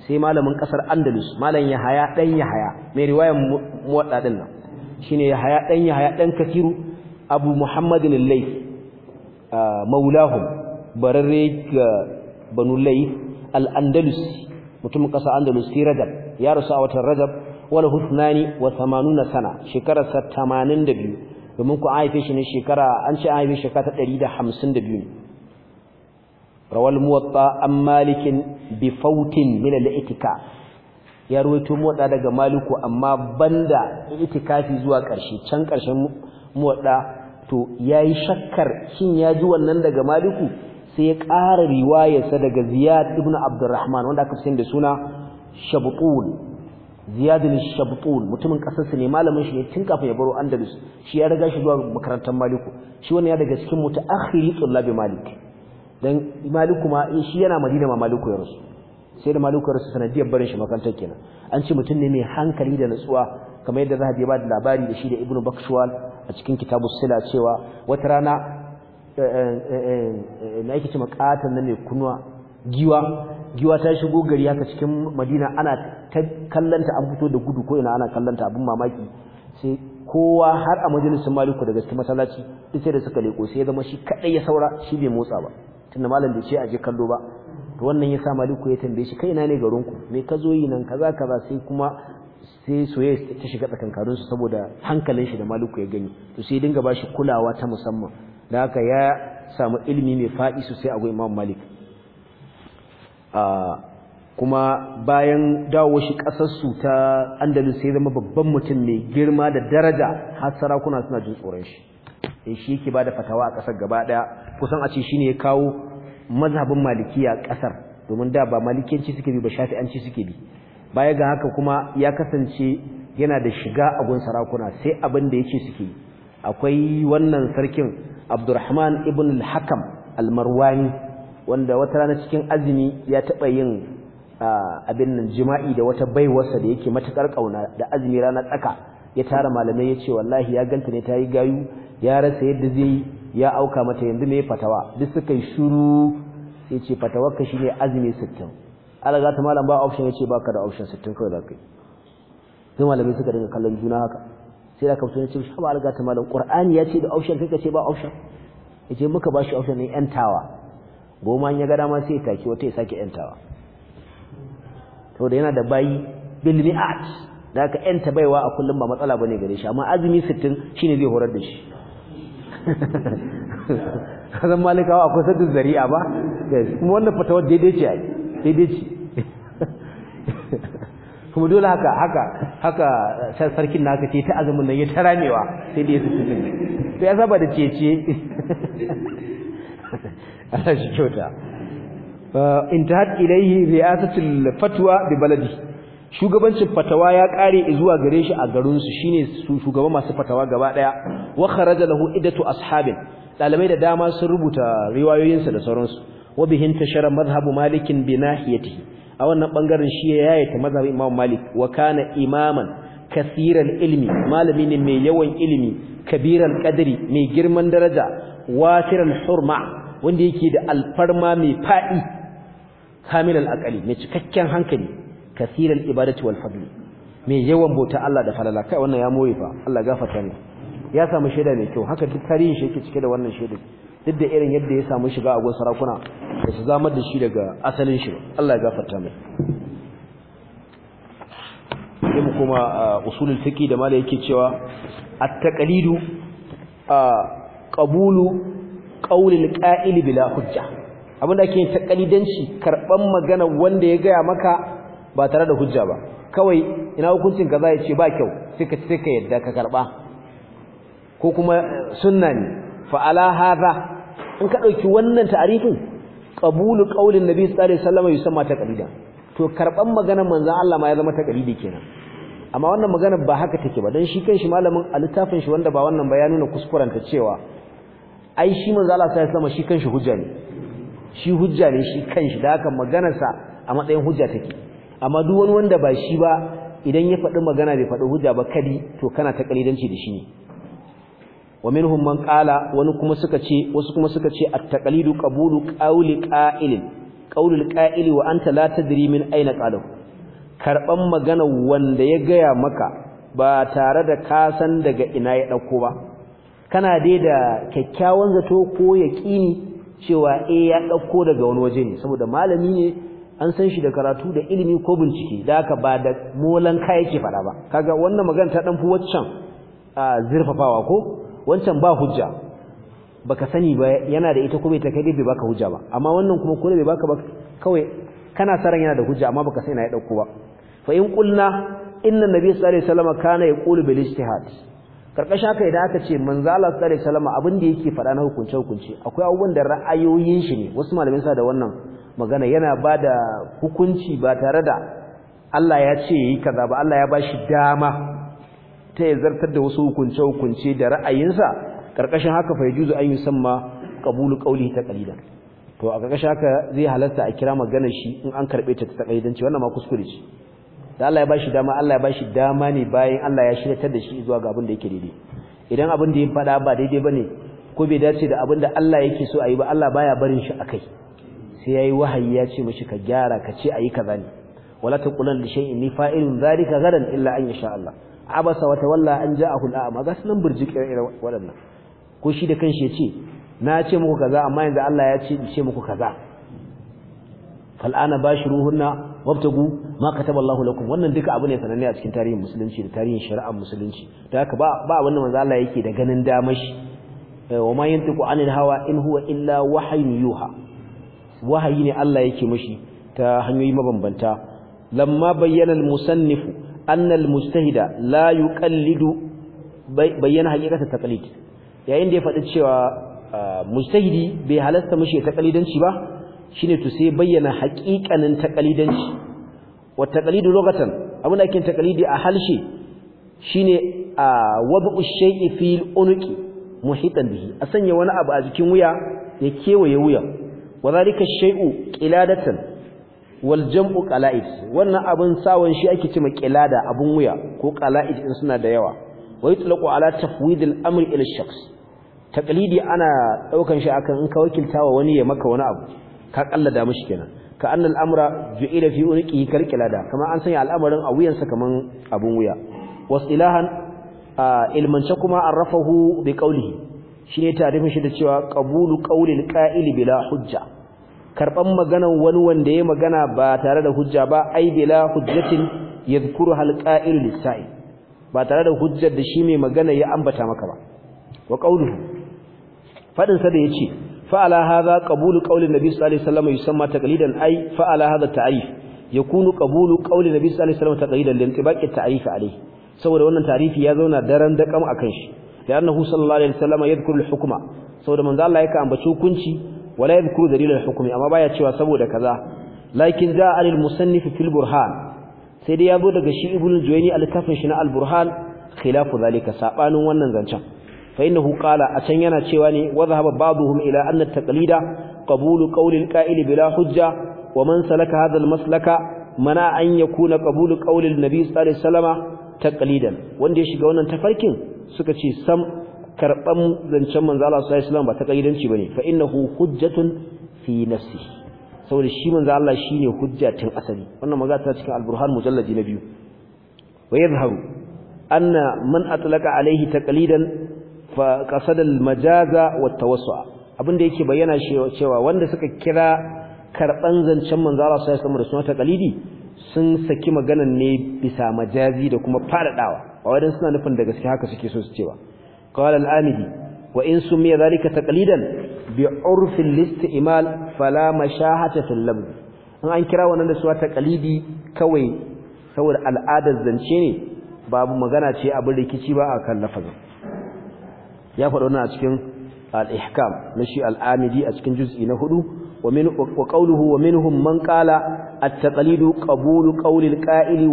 sai malamin kasar Andalus malam Yahya dan Yahya mai riwayar muwadda din nan shine Yahya dan Yahya dan Kathiru Abu Muhammad al-Layth ah, maulahum ga Banu Layth al-Andalusi mutumin ƙasar Andalus fi Rajab ya rasu a watan Rajab wala husnani wa samanuna sana shekara 82 domin ku haife shi ne shekara an ce haife shekara ta 152 rawal muwatta an malikin bi fautin min al-itika ya ruwaito muwatta daga maliku amma banda itikafi zuwa karshe can karshen muwatta to ya yi shakkar shin ya ji wannan daga maliku sai ya ƙara riwayarsa daga Ziyad ibn Abdurrahman wanda aka fi da suna Shabtul ziyad Shabtul mutumin kasar su ne malamin shi ne tun kafin ya baro andalus shi ya riga shi zuwa makarantar maliku shi wannan ya daga cikin mutaakhiri tullabi malik dan maliku ma shi yana madina ma maliku ya rasu sai da maliku ya rasu sanadiyar barin shi makarantar kenan an ce mutum ne mai hankali da natsuwa kamar yadda zahabi ya ba da labari da shi da ibnu bakshwal a cikin kitabu sila cewa wata rana na eh, yake eh, eh, ce makatan nan mai kunwa giwa giwa ta shigo gari haka cikin madina ana ta kallanta an fito da gudu ko ina ana kallanta abin mamaki sai kowa har a majalisun maliku da gaske masallaci duk da suka leko sai ya zama shi kadai ya saura shi bai motsa ba tunda malam bai ce a je kallo ba to wannan sa maliku ya tambaye shi kai ina ne garin ku me ka zo yi nan kaza kaza sai kuma sai soyayya ta shiga tsakankarin su saboda hankalin shi da maliku ya gani to sai dinga ba shi kulawa ta musamman da haka ya samu ilimi mai faɗi sosai a gurin Imam Malik kuma bayan dawo shi ƙasarsu ta andalus sai zama babban mutum mai girma da daraja har sarakuna suna jin tsoron shi in eh, shi yake bada fatawa a ƙasar gaba ɗaya kusan a ce shine ya kawo mazhabin malikiya ƙasar domin da ba malikiyanci suke bi ba shafi'anci suke bi baya ga haka kuma ya kasance yana da shiga a gun sarakuna sai abin da yake suke akwai wannan sarkin Abdurrahman ibn al-Hakam al-Marwani wanda wata rana cikin azumi ya taɓa yin abin nan jima'i da wata baiwarsa da yake matuƙar ƙauna da azumi rana tsaka ya tara malamai ya ce wallahi ya ganta ne ta yi gayu ya rasa yadda zai yi ya auka mata yanzu ne fatawa duk suka yi shuru ya ce shi shine azumi sittin alaga ta malam ba option ce baka da option sittin kawai zaka yi sai malamai suka dinga kallon juna haka sai da kafin ce shi ba alaga ta malam ya ce da option ka ce ba option ce muka ba shi option ne yantawa goma ya ga dama sai take wata ya sake yantawa da yana da bayi bil mi'at da ka yanta baiwa a kullum ba matsala bane gare shi amma azumi 60 shine zai horar da shi kazan malikawa akwai saddu zari'a ba kuma wannan fatawa daidai ce daidai ce kuma dole haka haka haka sarkin naka ce ta azumin nan ya taramewa sai da ya su to ya saba da cece Allah shi kyauta intahat ilaihi ri'asatul fatwa bi baladi shugabancin fatawa ya kare zuwa gare shi a garin su shine shugaba masu fatawa gaba daya wa kharaja lahu iddatu ashabin dalibai da dama sun rubuta riwayoyinsa da sauransu wa bihin tashara madhhabu malikin bi nahiyatihi a wannan bangaren shi ya yayata madhhabu imam malik wa kana imaman kasiran ilmi malami ne mai yawan ilimi kabiran qadri mai girman daraja wasiran hurma wanda yake da alfarma mai fa’i kamilal akali mai cikakken hankali kasirar ibadatu wal fadli mai yawan bauta Allah da falala kai wannan ya moye fa Allah gafarta ne ya samu shaida mai kyau haka duk tarihin shi yake cike da wannan shaida duk da irin yadda ya samu shiga a sarakuna da su zamar da shi daga asalin shi Allah ya gafarta mai yin kuma usulul fiqi da malai yake cewa at-taqlidu qabulu qaulil qa'il bila hujja abinda ake ta takalidanci karban magana wanda ya gaya maka ba tare da hujja ba kawai ina hukuncin ka ya ce ba kyau sai ka sai ka yadda ka karba ko kuma sunna ne fa ala hadha in ka dauki wannan ta'arifin qabulu qaulin nabi sallallahu alaihi wasallam yusamma to karban magana manzon Allah ma ya zama taqlidi kenan amma wannan magana ba haka take ba dan shi kanshi malamin a littafin shi wanda ba wannan ba ya nuna cewa ai shi manzo Allah sai sama shi kanshi hujja ne shi hujja ne shi kanshi da haka maganarsa a matsayin hujja take amma duk wani wanda ba shi ba idan ya faɗi magana bai faɗi hujja ba kadi to kana ta kalidanci da shi ne wa minhum man qala wani kuma suka ce wasu kuma suka ce at-taqlidu qabulu qawli qa'ilin qawlul qa'il wa anta la tadri min ayna qalahu karban magana wanda ya gaya maka ba tare da ka san daga ina ya dauko ba kana dai da kyakkyawan zato ko yaƙini cewa eh ya ɗauko daga wani waje ne saboda malami ne an san shi da karatu da ilimi ko bincike da aka ba da molan ka yake faɗa ba kaga wannan magana ta ɗan fi waccan zurfafawa ko wancan ba hujja baka sani ba yana da ita ko bai ta kai bai baka hujja ba amma wannan kuma ko bai baka ba kawai kana saran yana da hujja amma baka sani na ya ɗauko ba fa in qulna inna nabiyyu sallallahu alaihi wasallam kana yaqulu bil ijtihad karkashin haka idan aka ce manzala, Allah salama, abin da yake faɗa na hukunce hukunce akwai abubuwan da ra'ayoyin shi ne wasu malamai sa da wannan magana yana ba da hukunci ba tare da Allah ya ce yi kaza ba Allah ya ba shi dama ta ya zartar da wasu hukunce hukunce da ra'ayinsa karkashin haka fa yajuzu an yusamma qabulu qawli ta qalidan to a karkashin haka zai halarta a kira magana shi in an karbe ta ta ce wannan ma kuskure ce da Allah ya bashi dama Allah ya bashi dama ne bayan Allah ya shirya da shi zuwa ga abin da yake daidai idan abin da ya fada ba daidai bane ko bai dace da abin da Allah yake so ayi ba Allah baya barin shi akai sai yayi wahayi ya ce mishi ka gyara ka ce ayi kaza ne wala taqulan li shay'in ni fa'ilun zalika gadan illa an yasha Allah abasa wa tawalla an ja'ahu al'ama ga sunan burjik irin waɗannan ko shi da kanshi ya ce na ce muku kaza amma yanzu Allah ya ce ce muku kaza fal'ana bashiruhunna wabtagu ma kataballahu lakum wannan duka abu ne sananne a cikin tarihin musulunci da tarihin shari'ar musulunci da haka ba ba wanda manzo Allah yake da ganin damar shi eh, wa ma yantiqu anil hawa in huwa illa wahyun yuha wahayi ne Allah yake mishi ta hanyoyi mabambanta lamma bayyana al-musannifu anna al-mustahida la yuqallidu bayyana haqiqatan taqlid yayin da ya faɗi cewa ah, mustahidi bai halasta mishi taqlidanci ba shine to sai bayyana haƙiƙanin taqalidanci wa taqalidu lughatan abin da ake taqalidi a halshe shine a wad'u shay'i fil unqi muhitan bihi a sanya wani abu a jikin wuya ya kewaye wuya wa zalika shay'u qiladatan wal jam'u qala'id wannan abin sawon shi ake cewa qilada abun wuya ko qala'id in suna da yawa wa yutlaqu ala tafwid amri ila shakhs ana daukan shi akan in ka wakiltawa wani ya maka wani abu ka kallada mishi kenan ka anna al'amra ju'ila fi urqihi kalqilada kamar an sanya al'amarin a wuyansa kaman abun wuya ilahan ilmanci kuma arrafahu bi qawlihi shine tarifin shi da cewa qabulu qawlil qa'il bila hujja karban maganar wani wanda ya magana ba tare da hujja ba ai bila hujjatin yadhkuru hal qa'il lisai ba tare da hujjar da shi mai magana ya ambata maka ba wa qawluhu fadin sa da yace فعلى هذا قبول قول النبي صلى الله عليه وسلم يسمى تقليدا أي فعلى هذا التعريف يكون قبول قول النبي صلى الله عليه وسلم تقليدا لانطباق التعريف عليه saboda wannan tarifi ya zauna daren da kam akan shi da annahu sallallahu alaihi wasallam yadhkuru al saboda manzo Allah yake ambaci hukunci wala yadhkuru dalil al-hukmi amma baya cewa saboda kaza lakin jaa al-musannif fil burhan sai dai zo daga shi ibnu juwayni al-kafin shi na al-burhan khilafu zalika sabanin wannan zancen fa innahu qala a can yana cewa ne wa babu ba'dhum ila anna taqlida qabulu qawli al bila hujja wa man salaka hadha maslaka mana an yakuna qabulu qawli an-nabi sallallahu alaihi wasallama wanda ya shiga wannan tafarkin suka ce sam karban zancen manzo Allah sallallahu alaihi wasallam ba taqlidanci bane fa innahu hujjatun fi nafsihi saboda shi manzo Allah shine hujja asali wannan magana ta cikin alburhan mujalladi na biyu wa anna man atlaqa alayhi taqlidan fa qasada al-majaza wa abin abinda yake bayyana cewa wanda suka kira karban zancen manzo Allah sai alaihi wasallam ta qalidi sun saki maganan ne bisa majazi da kuma faradawa ba wadan suna nufin da gaske haka suke so su cewa qala al-amidi wa in sumiya zalika taqlidan bi urfil listimal fala mashahata fil lamz in an kira wannan da suwa taqlidi kawai saboda al'adar zance ne babu magana ce abin rikici ba a kan lafazin ya faɗo na a cikin al na shi al'amidi a cikin juz'i na hudu wa min wa qawluhu wa minhum man ƙala a taƙalidu qabulu qawli al-qa'ili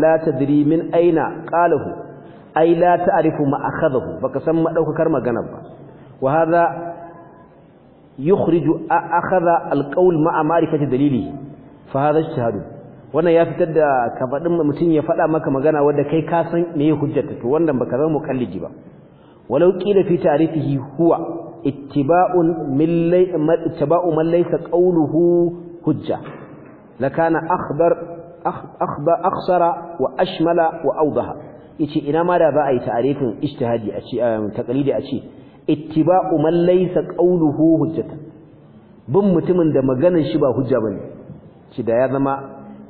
la tadri min aina qalahu ay la ta'rifu ma akhadahu san madaukar magana ba wa hadha yukhriju akhadha al-qawl ma'a dalili fa hadha ijtihadu wannan ya fitar da ka faɗin mutum ya faɗa maka magana wadda kai ka san me hujjata to wannan baka zama mukallidi ba walau qila fi ta'rifihi huwa ittiba'un min ittiba'u man laysa qawluhu hujja lakana akhbar akhba wa ashmala wa awdaha yace ina ma da za a yi ta'arifin ijtihadi a ce taqlidi a ce ittiba'u man laysa qawluhu hujjatan bin mutumin da maganar shi ba hujja bane shi da ya zama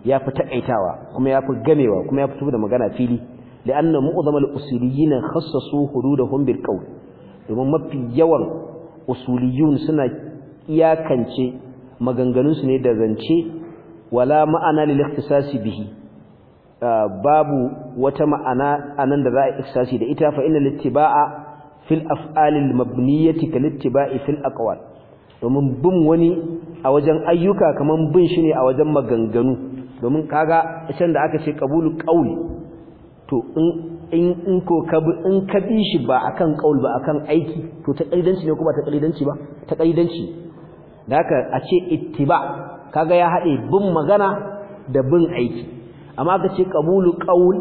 ya fi takaitawa kuma ya fi gamewa kuma ya fi da magana fili لأن معظم الأصوليين خصصوا حدودهم بالقول domin mafi yawan usuliyun suna iyakance maganganunsu ne da zance wala ma'ana lil ikhtisasi bihi babu wata ma'ana anan da za a ikhtisasi da ita fa inna littiba'a fil af'alil mabniyati kal littiba'i fil aqwal domin bin wani a wajen ayyuka kaman bin shi ne a wajen maganganu domin kaga can da aka ce qabulul qawli to in ko in ka bi shi ba akan kaul ba akan aiki to ta kalidanci ne ko ba ta kalidanci ba ta kalidanci da haka a ce ittiba kaga ya haɗe bin magana da bin aiki amma ka ce qabulu qaul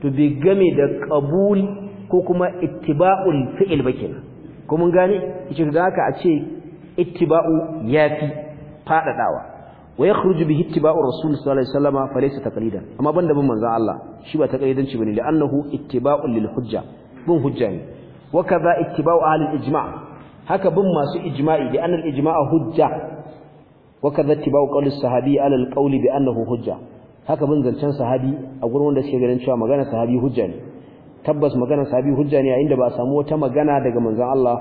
to bai game da qabul ko kuma ittiba'ul fi'il ba kenan ko mun gane ita da haka a ce ittiba'u yafi fadadawa wa yakhruju bihi ittiba'u rasul sallallahu alaihi wasallam fa laysa taqlidan amma banda bin manzon Allah shi ba taqlidanci bane li'annahu ittiba'un lil hujja bin hujja ne wa kaza ittiba'u ahli al ijma' haka bin masu ijma'i da annal ijma'a hujja wa kaza ittiba'u qawli sahabi ala al qawli bi annahu hujja haka bin zancen sahabi a gurin wanda suke ganin cewa magana sahabi hujja ne tabbas magana sahabi hujja ne a inda ba a samu wata magana daga manzon Allah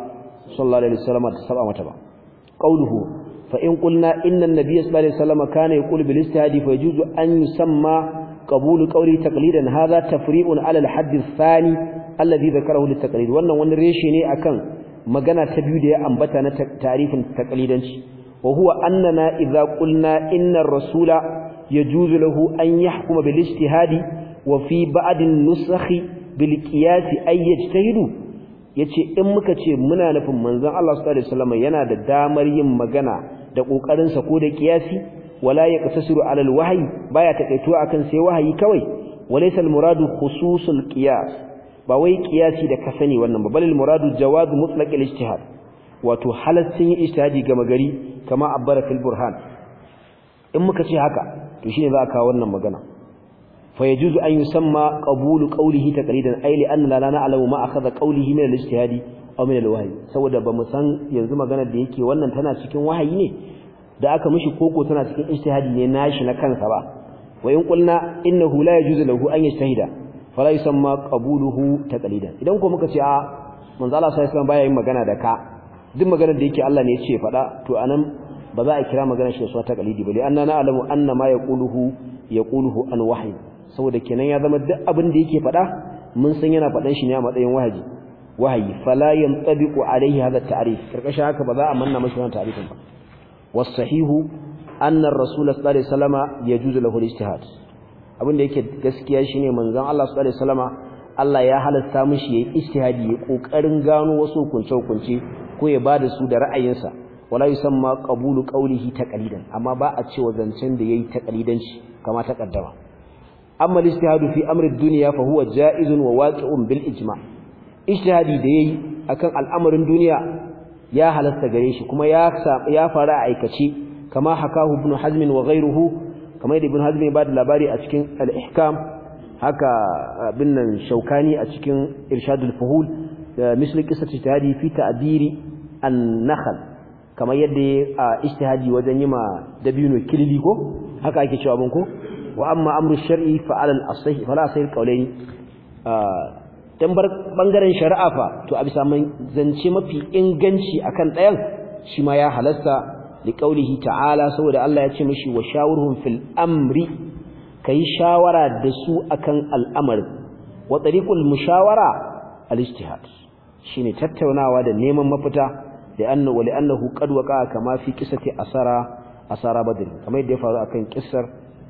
sallallahu alaihi wasallam ta saba mata ba qawluhu fa in qulna inna an-nabiyya sallallahu alaihi wasallam kana yaqulu bil istihadi fa yajuzu an yusamma qabulu qawli taqlidan hadha tafri'un ala al-hadd ath-thani alladhi dhakarahu lit-taqlid wannan wani reshe ne akan magana ta biyu da ya ambata na tarifin taqlidanci wa huwa annana idza qulna inna ar-rasula yajuzu lahu an yahkuma bil istihadi wa fi ba'd an-nusakhi bil qiyas ay yajtahidu ya ce in muka ce muna nufin manzon Allah sallallahu yana da damar yin magana da kokarin sa ko da kiyasi wala yaqtasiru ba ya baya takaituwa akan sai wahayi kawai Wale-salmuradu, khususul qiyas ba wai kiyasi da ka sani wannan ba balil muradu jawaz mutlaq alijtihad wato halaccin ijtihadi ga magari kama abbara fil burhan in muka ce haka to shine za a kawo wannan magana fa yajuzu an yusamma qabulu qawlihi taqlidan ay li anna la na'lamu ma akhadha qawlihi min alijtihadi aw min alwahyi saboda bamu san yanzu magana da yake wannan tana cikin wahayi ne da aka mishi koko tana cikin ijtihadi ne nashi na kansa ba wa in qulna innahu la yajuzu lahu an yajtahida fala yusamma qabuluhu taqlidan idan ko muka ce a manzo Allah sallallahu alaihi wasallam baya yin magana da ka duk maganar da yake Allah ne ya ce fada to anan ba za a kira magana shi da suwa taqlidi bale anna na alamu anna ma yaquluhu yaquluhu an wahyi saboda kenan ya zama duk abin da yake fada mun san yana fadan shi ne a matsayin wahayi wahayi fala yantabiqu alayhi hadha at-ta'rif karkashin haka ba za a manna mashi wannan ta'rifin ba was sahihu anna ar-rasul sallallahu alaihi wasallama yajuzu lahu al-ijtihad abin da yake gaskiya shine manzon Allah sallallahu alaihi wasallama Allah ya halasta mishi yayi ijtihadi ya kokarin gano wasu hukunce hukunce ko ya bada su da ra'ayinsa wala yusamma qabulu qawlihi taqlidan amma ba a cewa zancen da yayi taqlidanci kama ta kaddama amma al-ijtihadu fi amri ad-dunya fa huwa ja'izun wa waqi'un bil ijma' ijtihadi da yayi akan al'amarin duniya ya halasta gare shi kuma ya ya fara aikace kama hakahu ibn hazm wa ghayruhu kama ibn hazm ya bada labari a cikin al-ihkam haka bin nan shaukani a cikin irshadul fuhul misli qissat ijtihadi fi ta'biri an-nakhl kama yadda ijtihadi wajen yima dabino kilili ko haka ake cewa ko wa amma amru shar'i fa ala al-asih fala dan bar bangaren shari'a fa to a bisa zance mafi inganci akan ɗayan shi ma ya halasta qaulihi ta'ala saboda Allah ya ce mishi wa shawurhum fil amri kai shawara da su akan al'amari wa tariqul mushawara al-ijtihad shine tattaunawa da neman mafita da annu wa li'annahu qad waqa kama fi qissati asara asara badr kamar yadda ya faru akan kissar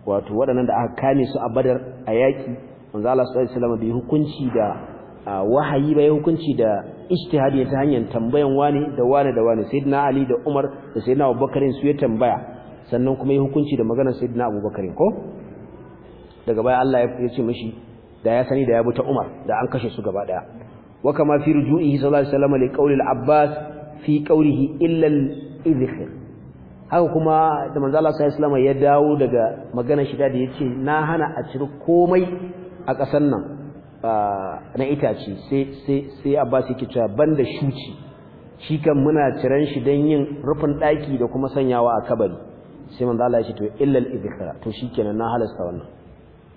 wato waɗannan da aka kame su a badar a yaki manzo Allah sallallahu alaihi wasallam bai hukunci da wahayi bai hukunci da ijtihadi ta hanyar tambayan wani da wani da wani sayyidina ali da umar da sayyidina abubakar su ya tambaya sannan kuma yi hukunci da maganar sayyidina abubakar ko daga baya Allah ya ce mishi da ya sani da ya bi ta umar da an kashe su gaba daya wa kama fi ruju'ihi sallallahu alaihi wasallam li qawli al-abbas fi qawlihi illa al-idhkhir haka kuma da manzo Allah sallallahu alaihi wasallam ya dawo daga maganar shi da yace na hana a ciri komai a ƙasar nan na itace sai abbas yake cewa banda shuci shi kan muna ciran shi don yin rufin ɗaki da kuma sanyawa a kabari sai man zala ya ce to illal idkhara to kenan na halasta wannan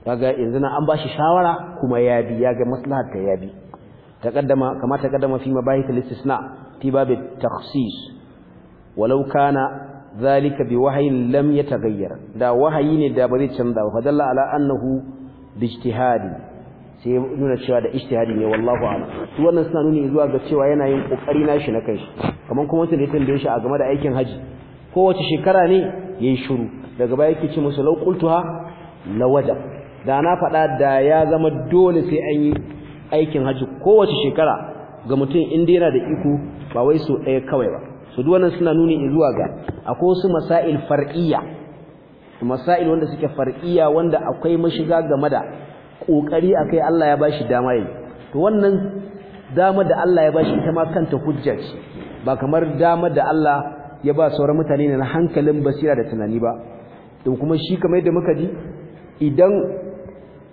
kaga yanzu na an bashi shawara kuma ya bi ya ga maslahar ta ya bi taqaddama kama taqaddama fi mabahith al-istisna fi bab at-takhsis walau kana dhalika bi wahyin lam yataghayyar da wahayi ne da bari canza ba fadalla ala annahu bi ijtihadi sai ya nuna cewa da ijtihadi ne wallahu a'lam Su wannan suna nuni zuwa ga cewa yana yin kokari nashi na kanshi kamar kuma wanda ya tambaye shi a game da aikin haji kowace shekara ne yayi shiru daga baya yake ce musu law na wajen. da na faɗa da ya zama dole sai an yi aikin haji kowace shekara ga mutum inda yana da iko ba wai so ɗaya kawai ba su duk wannan suna nuni zuwa ga akwai wasu masail far'iyya masail wanda suke far'iyya wanda akwai mashiga game da Ƙoƙari a kai Allah ya ba shi dama yi to wannan dama da Allah ya ba shi ita ma kanta hujja ce ba kamar dama da Allah ya ba sauran mutane na hankalin basira da tunani ba to kuma shi kamar yadda muka ji idan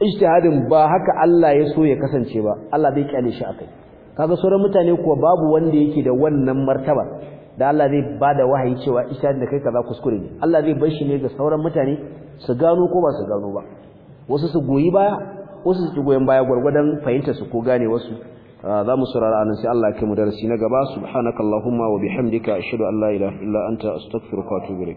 ijtihadin ba haka Allah ya so ya kasance ba Allah zai kyale shi akai kaga sauran mutane kuwa babu wanda yake da wannan martaba da Allah zai bada wahayi cewa ijtihadin da kai kaza kuskure ne Allah zai bar shi ne ga sauran mutane su gano ko ba su gano ba wasu su goyi baya wasu su goyon baya gwargwadon fahimta su ko gane wasu ah, za mu saurara anan sai Allah ya kai mu darasi na gaba subhanakallahumma wa bihamdika ashhadu an la ilaha illa anta astaghfiruka wa atubu